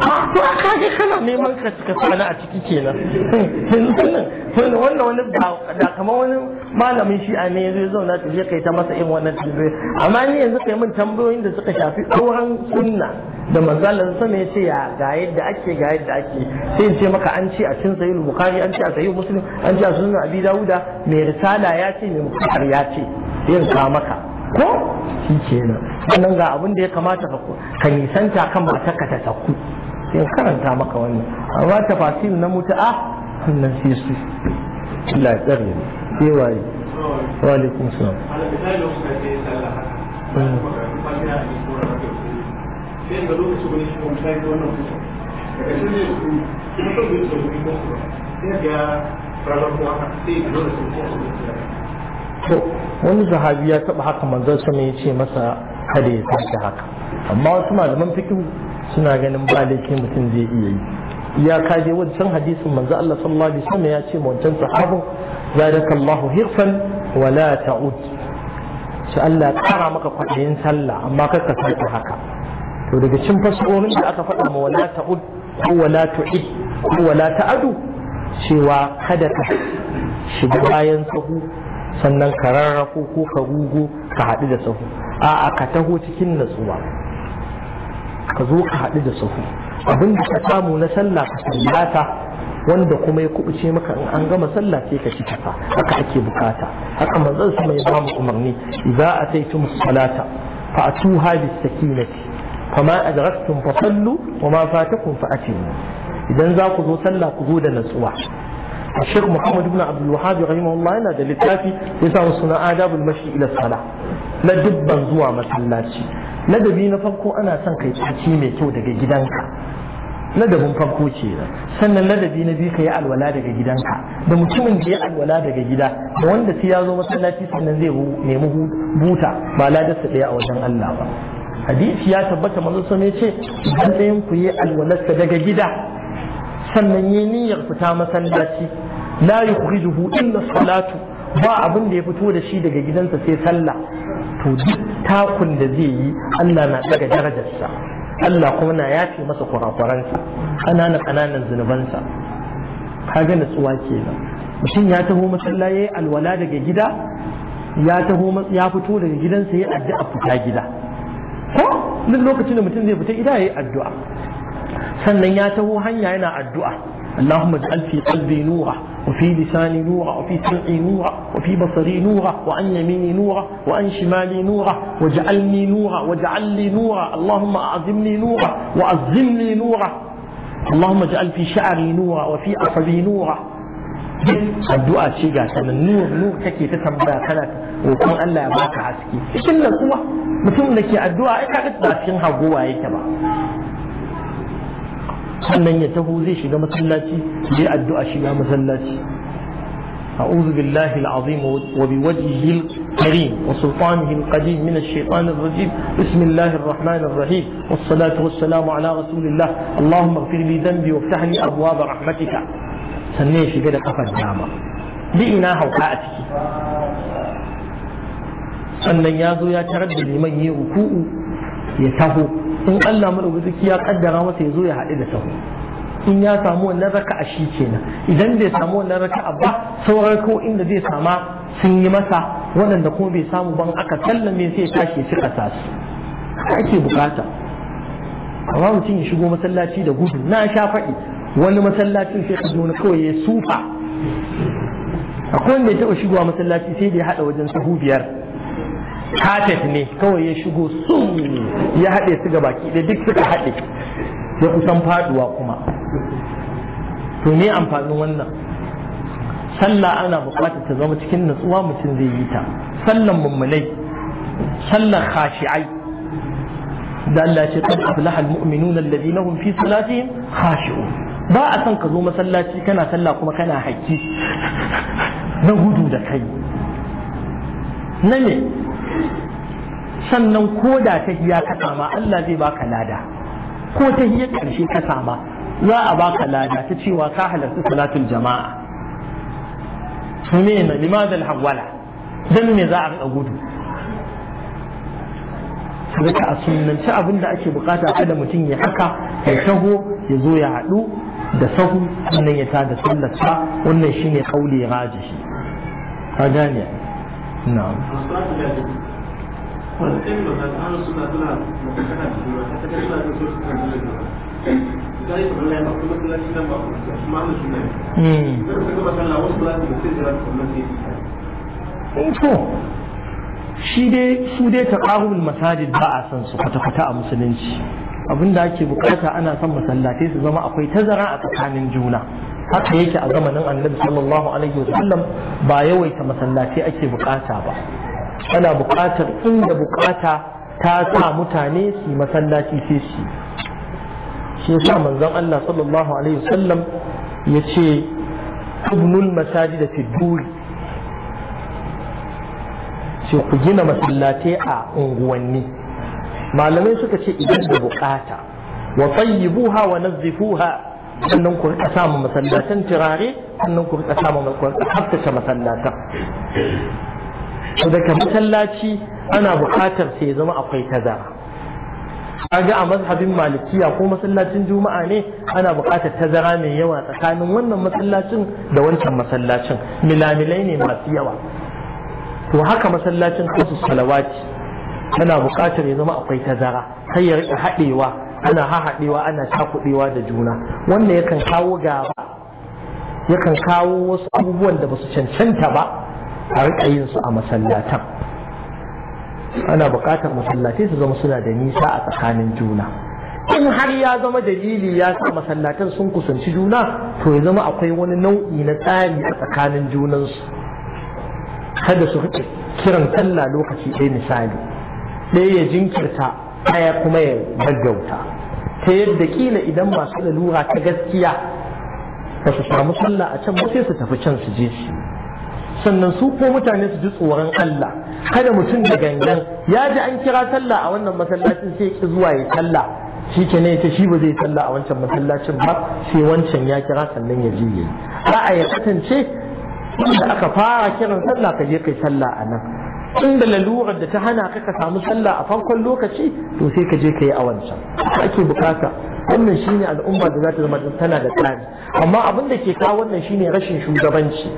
S3: ah, to a kage kana
S1: neman ka ka sani a ciki kenan wannan wani da kamar wani malamin shi'a ne ya zauna ta je kai ta masa irin wannan tambayoyi amma ni yanzu kai min tambayoyin da suka shafi tsohon sunna da manzalar sama ya ce ya ga yadda ake ga yadda ake sai in ce maka an ce a cin sayi bukari an ce a sayi muslim an ce a sunan abi dawuda mai risala ya ce mai muktar ya ce yin ka maka ko shi nan wannan ga abin da ya kamata ka nisanta kan matarka ta saku sai karanta maka wannan amma tafasil na mutu'a sannan sai su Allah ya tsare sai waye wa alaikum salam
S3: sai ga kuma sai ga lokacin kuma
S1: to wani zahabi ya taba haka manzon sama ya ce masa kada ya sake haka amma wasu malaman fikihu suna ganin ba laifi mutum zai iya yi Ya kaje wancan hadisin manzo Allah sallallahu alaihi wasallam ya ce wancan sahabo zadaka Allahu hirfan wa la ta'ud sai Allah kara maka kwadayin sallah amma kar ka sake haka to daga cikin fasahohin da aka faɗa ma wala ta'ud ko wala tu'id ko wala ta'adu cewa kada ka shiga bayan sahu sannan ka rarrafo ko ka gugu ka haɗu da sahu a'a ka taho cikin natsuwa ka zo ka haɗu da sahu abin da ka samu na sallah ka sallata wanda kuma ya kubuce maka in an gama sallah sai ka ci tafa haka ake bukata haka manzon sama ya bamu umarni idza ataytum salata fa atuha bis sakinati fama adraktum fa sallu wa ma fatakum fa atimu idan za ku zo sallah ku zo da natsuwa الشيخ محمد بن عبد الوهاب رحمه الله yana da littafi ya samu suna adabul mashi ila sala na dubban zuwa masallaci ladabi na farko ana son kai tsaki mai kyau daga gidanka ladabin farko ce sannan ladabi na biyu ka yi alwala daga gidanka da mutumin da ya alwala daga gida da wanda sai ya zo masallaci sannan zai nemi buta ba ladarsa ɗaya a wajen Allah ba hadisi ya tabbata manzo sun ce idan ɗayan ku yi alwalarsa daga gida sannan yi niyyar fita masallaci la yukhrijuhu illa salatu ba abin da ya fito da shi daga gidansa sai sallah to duk takun da zai yi Allah na daga darajarsa Allah kuma na yafe masa kurakuransa ƙananan ƙananan zunubansa kaga natsuwa kenan mutum ya taho masallaci yayi alwala daga gida ya taho ya fito daga gidansa yayi addu'a fita gida ko duk lokacin da mutum zai fita gida yayi addu'a sannan ya taho hanya yana addu'a Allahumma ij'al fi qalbi nura وفي لساني نورا وفي سمعي نورا وفي بصري نورا وعن يميني نورا وعن شمالي نورا واجعلني نورا واجعل لي نورا اللهم أعظمني نورا واعظمني نورا اللهم اجعل في شعري نورا وفي عصبي نورا الدعاء شيء ga النور نور تكي nur kake ta tambaya kana عسكي إيش اللي هو مثل cikin الدعاء kuma mutum da ke addu'a
S2: ai
S1: sannan ya taho zai shiga masallaci zai addu'a shiga masallaci أعوذ بالله العظيم وبوجهه الكريم وسلطانه القديم من الشيطان الرجيم بسم الله الرحمن الرحيم والصلاة والسلام على رسول الله اللهم اغفر لي ذنبي وافتح لي أبواب رحمتك سنيش كده قفا الدامة لإنا هوقاتك sannan ya يا ya tarar da liman ya taho in Allah madaukaki ya kaddara masa ya zo ya haɗu da taho in ya samu wannan a shi kenan idan bai samu wannan a ba sauran ko inda zai sama sun yi masa waɗanda kuma bai samu ban aka sallame sai ya tashi ya kasa su ake bukata amma mutum ya shigo masallaci da gudu na sha faɗi wani masallacin sai ka zo kawai ya sufa akwai wanda ya taɓa shigowa masallaci sai da ya haɗa wajen sahu biyar kafet ne kawai ya shigo sun ya haɗe su ga baki da duk suka haɗe ya kusan faduwa kuma to ne amfanin wannan sallah ana buƙatar ta zama cikin natsuwa mutum zai yi ta sallan mummunai sallan khashi'ai da Allah ce kan aflaha almu'minun alladhina hum fi salatihim khashi'un ba a son ka zo masallaci kana sallah kuma kana haƙƙi na gudu da kai na ne sannan ko da ta hiya ka sama Allah zai baka lada ko ta hiya karshe ka sama za a baka lada ta cewa ka halarci salatul jama'a sune na limadal hawala dan me za a gudu saboda a sunanci abin da ake bukata kada mutum ya haka ya taho ya zo ya haɗu da sahu sannan ya tada sallarsa wannan shine kauli rajihi ka gane na'am shi dai su dai taqarubul masajid ba a san su kwata-kwata a musulunci abinda ake bukata ana son masallatai su zama akwai tazara a tsakanin juna haka yake a zamanin annabi sallallahu alaihi wasallam ba yawaita masallatai ake bukata ba ana buƙatar inda buƙata ta sa mutane su masallaci sai shi shi yasa manzon Allah sallallahu alaihi wasallam ya ce tubnul masajid fi duri sai ku gina masallatai a unguwanni malamai suka ce idan da buƙata wa tayyibuha wa nazzifuha sannan ku rika samu masallatan turare sannan ku rika samu tsaftace masallatan to daga masallaci ana buƙatar sai zama akwai tazara kaga a mazhabin malikiya ko masallacin juma'a ne ana buƙatar tazara mai yawa tsakanin wannan masallacin da wancan masallacin milamilai ne masu yawa to haka masallacin kasu salawati ana buƙatar ya zama akwai tazara kai ya rika haɗewa ana haɗewa ana cakuɗewa da juna wannan yakan kawo gaba yakan kawo wasu abubuwan da ba su cancanta ba a rika yin su a masallatan ana buƙatar masallatai su zama suna da nisa a tsakanin juna in har ya zama dalili ya sa masallatan sun kusanci juna to ya zama akwai wani nau'i na tsari a tsakanin junansu kada su rike kiran sallah lokaci ɗaya misali ɗaya ya jinkirta ɗaya kuma ya gaggauta ta yadda kila idan masu lalura ta gaskiya ba su samu sallah a can ba sai su tafi can su je su. sannan su ko mutane su ji tsoron Allah kada mutum da gangan ya ji an kira sallah a wannan masallacin sai ki zuwa ya sallah shi ke ne ce shi ba zai sallah a wancan masallacin ba sai wancan ya kira sannan ya je yi ya kasance inda aka fara kiran sallah ka je kai sallah a nan inda lalurar da ta hana ka ka samu sallah a farkon lokaci to sai ka je ka yi a wancan ake bukata wannan shine al'umma da za ta zama tana da tsari amma abin da ke kawo wannan shine rashin shugabanci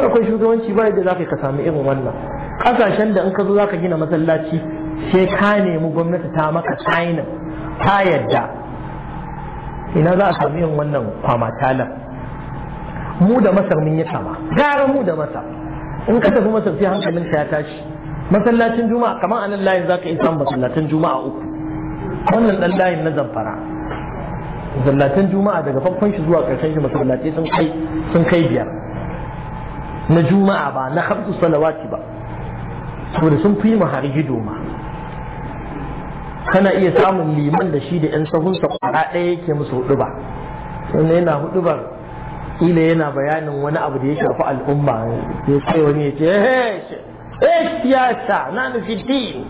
S1: ko akwai shugabanci ba yadda za ka sami irin wannan kasashen da in ka zo za ka gina masallaci sai ka nemi gwamnati ta maka tsainin ta yadda ina za a sami irin wannan kwamatalar mu da masar mun yi kama gara mu da masar in ka tafi masar sai hankalin ka ya tashi masallacin juma'a kamar a nan layin za ka isa masallacin juma'a uku wannan dan layin na zamfara masallacin juma'a daga farkon shi zuwa ƙarshen shi masallaci sun kai sun kai biyar na juma'a ba na hamsu salawati ba saboda sun fi mu har gido ma kana iya samun liman da shi da yan sahunsa kwara ɗaya yake musu hudu ba sannan yana hudu ba ila yana bayanin wani abu da ya shafi al'umma ya ce wani ya ce eh, eh siyasa na nufi din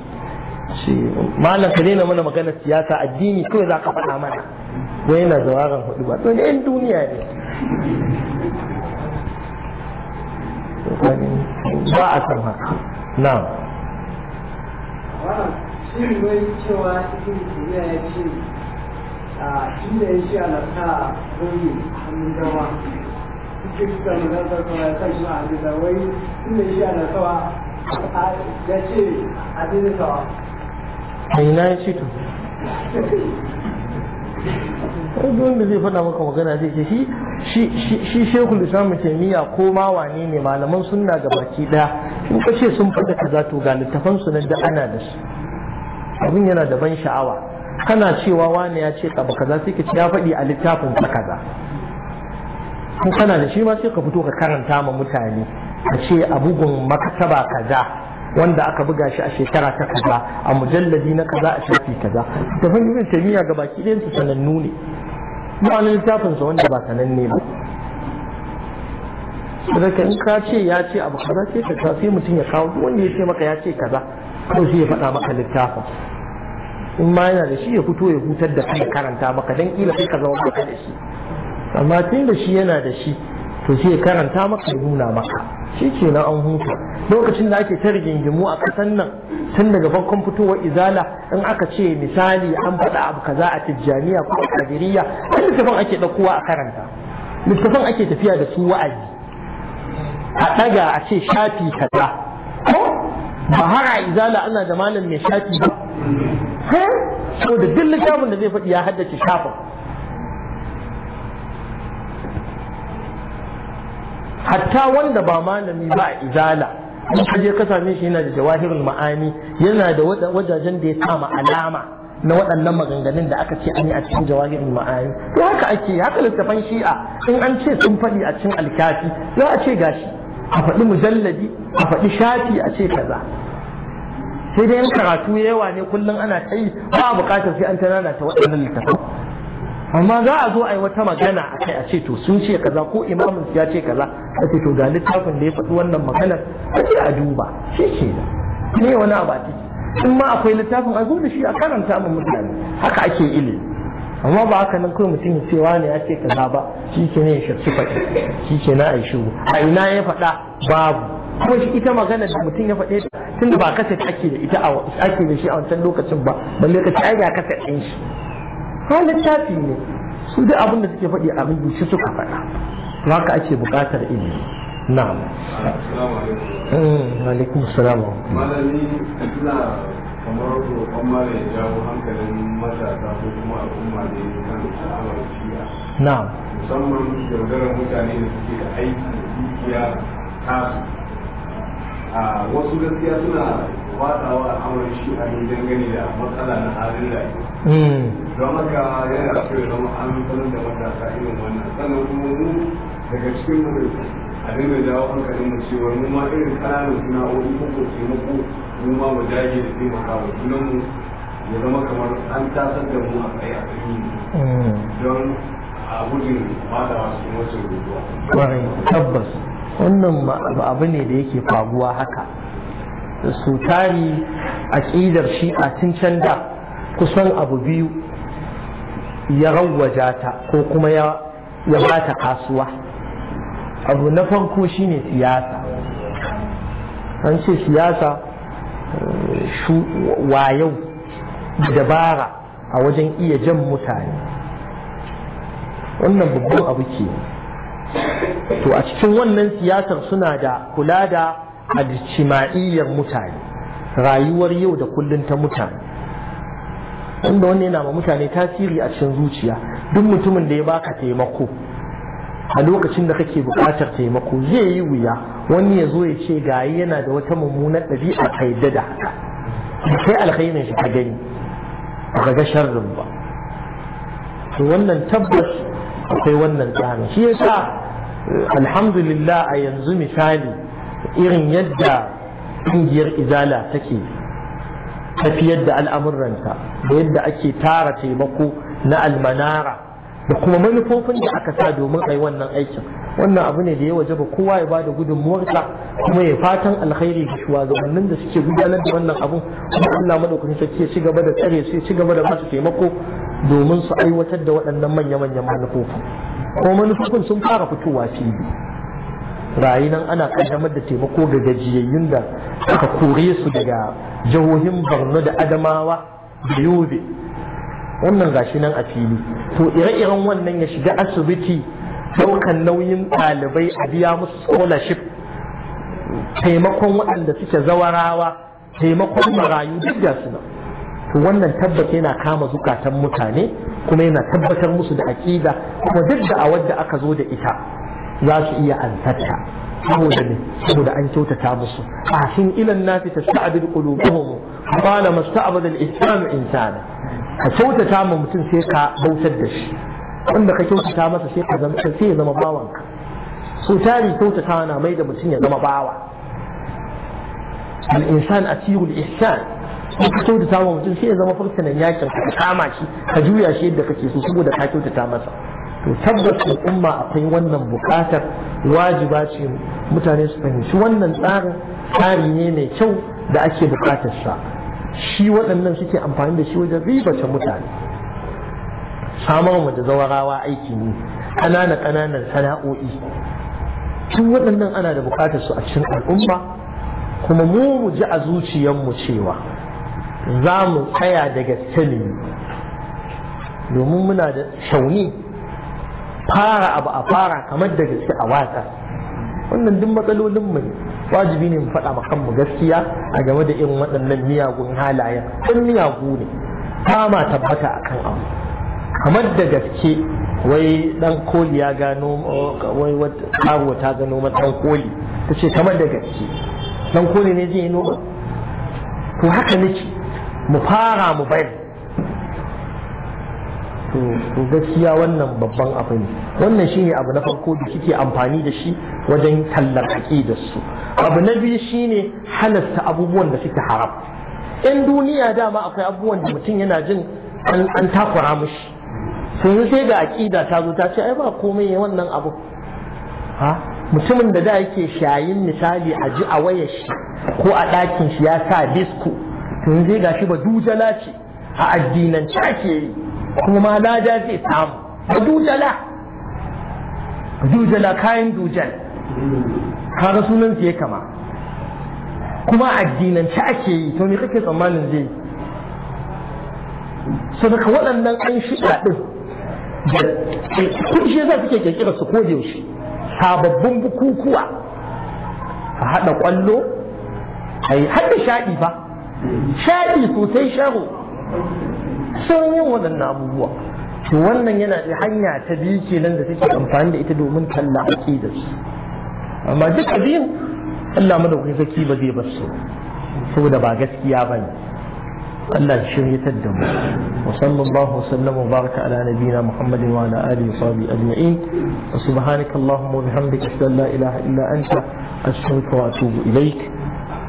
S1: malam ka daina mana maganar siyasa addini kawai za ka faɗa mana wani yana zawaran hudu ba to yan duniya ne ba a san haka na
S3: shi cewa cikin ya ce a shi cikin ya shi a wai shi ya ce a ina ya ce to
S1: duk wanda zai faɗa maka magana zai ce shi shi shi shekul islam taimiyya ko ma wane ne malaman sunna ga baki ɗaya in ka ce sun faɗa kaza to ga littafan su nan da ana da su abin yana da ban sha'awa kana cewa wane ya ce abu kaza sai ka ce ya faɗi a littafin sa kaza ko kana da shi ma sai ka fito ka karanta ma mutane ka ce a bugun maktaba kaza wanda aka buga shi a shekara ta kaza a mujalladi na kaza a shafi kaza da fannin taimiyya ga baki ɗayan su sanannu ne ba wani littafin sa wanda ba sananne ba saboda in ka ce ya ce abu kaza ce ka sai mutum ya kawo wanda ya ce maka ya ce kaza ko shi ya faɗa maka littafin in ma yana da shi ya fito ya hutar da kai karanta maka dan kila sai ka zama maka da shi amma tun da shi yana da shi to sai karanta maka ya nuna maka shi ke na an huta lokacin da ake ta rigingimu a kasan nan tun daga gaban fitowar izala in aka ce misali an faɗa abu kaza a tijjaniya ko a kadiriyya an littafin ake ɗaukowa a karanta littafin ake tafiya da su wa'azi a ɗaga a ce shafi kaza ko ba har a izala ana da malam mai shafi ba ko da duk littafin da zai faɗi ya haddace shafin hatta wanda ba malami ba a izala in ka je ka same shi yana da jawahirin ma'ani yana da wajajen da ya kama alama na waɗannan maganganun da aka ce an yi a cikin jawahirin ma'ani to haka ake haka littafan shi'a in an ce sun faɗi a cikin alkafi za a ce gashi a faɗi mujalladi a faɗi shafi a ce kaza sai dai karatu yawa ne kullum ana ta yi ba a buƙatar sai an tanana ta waɗannan littafan amma za a zo a yi wata magana a kai a ce to sun ce kaza ko imamin ya ce kaza a ce to ga littafin da ya faɗi wannan maganar a ce a duba shi ke da ne wani abu a ciki in ma akwai littafin a zo da shi a karanta mu mutane haka ake ilimi amma ba haka nan kawai mutum ya ce wani ya ce kaza ba shi ke ne ya shafi faɗi shi ke na a yi a ina ya faɗa babu kuma shi ita magana da mutum ya faɗe tun da ba kasa ake da ita ake da shi a wancan lokacin ba balle ka ci ai ga kasa ɗin shi ba littafi ne su duk abin da suke faɗi a rubuce suka faɗa ba ka ake buƙatar ilimi Na. Eh, alaikum salam
S3: malami ina kamar ya jawo hankalin matasa al'umma da ya sha'awar mutane da suke da aiki da a wasu gaskiya suna fadawa a amurin shi a yi dangane da matsala na halin da hmm. don haka yana da kyau zama an sanar da matasa irin wannan sannan kuma mu daga cikin mu a dinga jawo hankalin mu cewa mu ma irin kananan sana'o'i ko ko taimako mu ma mu dage da taimaka wa mu ya zama kamar an tasar da mu a tsaye a tsaye hmm. don a gudun fadawa cikin wacce rubuwa.
S1: tabbas. wannan abu ne da yake faruwa haka su tari aƙidar shi a cincin canda da kusan abu biyu ya rawwaja ta ko kuma ya ba ta kasuwa abu na farko shi ne siyasa an ce siyasa wayau dabara a wajen iya jan mutane wannan babban abu ke to a cikin wannan siyasar suna da kula da ajtima'iyyar mutane rayuwar yau da kullun ta mutane inda wani yana ma mutane tasiri a cikin zuciya duk mutumin da ya baka taimako a lokacin da kake bukatar taimako zai yi wuya wani ya zo ya ce gayi yana da wata mummunar ɗabi'a ka yadda da haka sai alkhairin shi ka gani ba ga sharrin ba to wannan tabbas akwai wannan tsarin shi yasa alhamdulillah a yanzu misali irin yadda ƙungiyar izala take tafiyar da al'amuranta da yadda ake tara taimako na almanara da kuma manufofin da aka sa domin a yi wannan aikin wannan abu ne da ya waje ba kowa ya bada gudunmuwarsa kuma ya fatan alkhairi ga shugabannin da suke gudanar da wannan abun kuma Allah madaukakin sarki ya ci gaba da tsare su ya ci gaba da masu taimako domin su aiwatar da waɗannan manya-manyan manufofi ko manufofin sun fara fitowa fili rayu nan ana kaddamar da taimako ga gajiyayyun da aka kore su daga jihohin borno da adamawa da yobe wannan gashi nan a fili to ire-iren wannan ya shiga asibiti daukan nauyin ɗalibai a biya musu scholarship taimakon waɗanda suke zawarawa taimakon marayu duk da su to wannan tabbata yana kama zukatan mutane kuma yana tabbatar musu da aƙida kuma duk da wadda aka zo da ita za su iya ansarta saboda ne saboda an kyautata musu a shin ilan nasi tasta'bid qulubuhum qala masta'bad al islam insana
S2: ka kyautata
S1: ma mutum sai ka bautar da shi wanda ka kyautata masa sai ka zama sai ya zama bawanka so tari kyautata na mai da mutum ya zama bawa al-insan atiyul ihsan in ka kyautata wa mutum sai ya zama fursunan yakin ka kama shi ka juya shi yadda kake so saboda ka kyautata masa to tabbas al'umma akwai wannan bukatar wajiba ce mutane su fahimci wannan tsarin tsari ne mai kyau da ake bukatar sa shi waɗannan suke amfani da shi wajen ribata mutane samar mu da zawarawa aiki ne ƙananan ƙananan sana'o'i tun waɗannan ana da bukatar su a cikin al'umma kuma mu mu ji a zuciyarmu cewa za mu tsaya da gaske ne domin muna da shauni fara abu a fara kamar da gaske a watsa wannan duk matsalolin mu wajibi ne mu faɗa ma kanmu gaskiya a game da irin waɗannan miyagun halayen sun miyagu ne fama ma tabbata kan abu kamar da gaske wai ɗan koli ya gano wai karuwa ta gano matan koli ta ce kamar da gaske ɗan koli ne zai yi noma to haka nake mu fara mu bari to gaskiya wannan babban abu ne wannan shine abu na farko da kike amfani da shi wajen tallar da su abu na biyu shine halasta abubuwan da suke haram in duniya dama akwai abubuwan da mutum yana jin an takura mushi sai sai ga aƙida ta zo ta ce ai ba komai ya wannan abu ha mutumin da da yake shayin misali a ji a wayar shi ko a ɗakin shi ya sa disko to yanzu ga shi ba dujala ce a addinance ake yi kuma ma lada zai samu ba dujala dujala kayan dujal kaga sunan ya kama kuma addinance ake yi to me kake tsammanin zai so daga waɗannan an shiɗa ɗin kun shi yasa suke kirkira su da yaushe sababbin bukukuwa a haɗa ƙwallo a yi haɗa sha'i ba shaɗi sosai sharo sun yi waɗannan abubuwa to wannan yana da hanya ta biyu kenan da take amfani da ita domin talla aqida su amma duk abin Allah madaukakin sarki ba zai bar su saboda ba gaskiya ba ne Allah shiryatar da mu wa sallallahu wa sallam wa baraka ala nabiyina Muhammadin wa ala alihi wa sahbihi ajma'in wa subhanakallahumma wa bihamdika ashhadu an la ilaha illa anta astaghfiruka wa atubu ilayk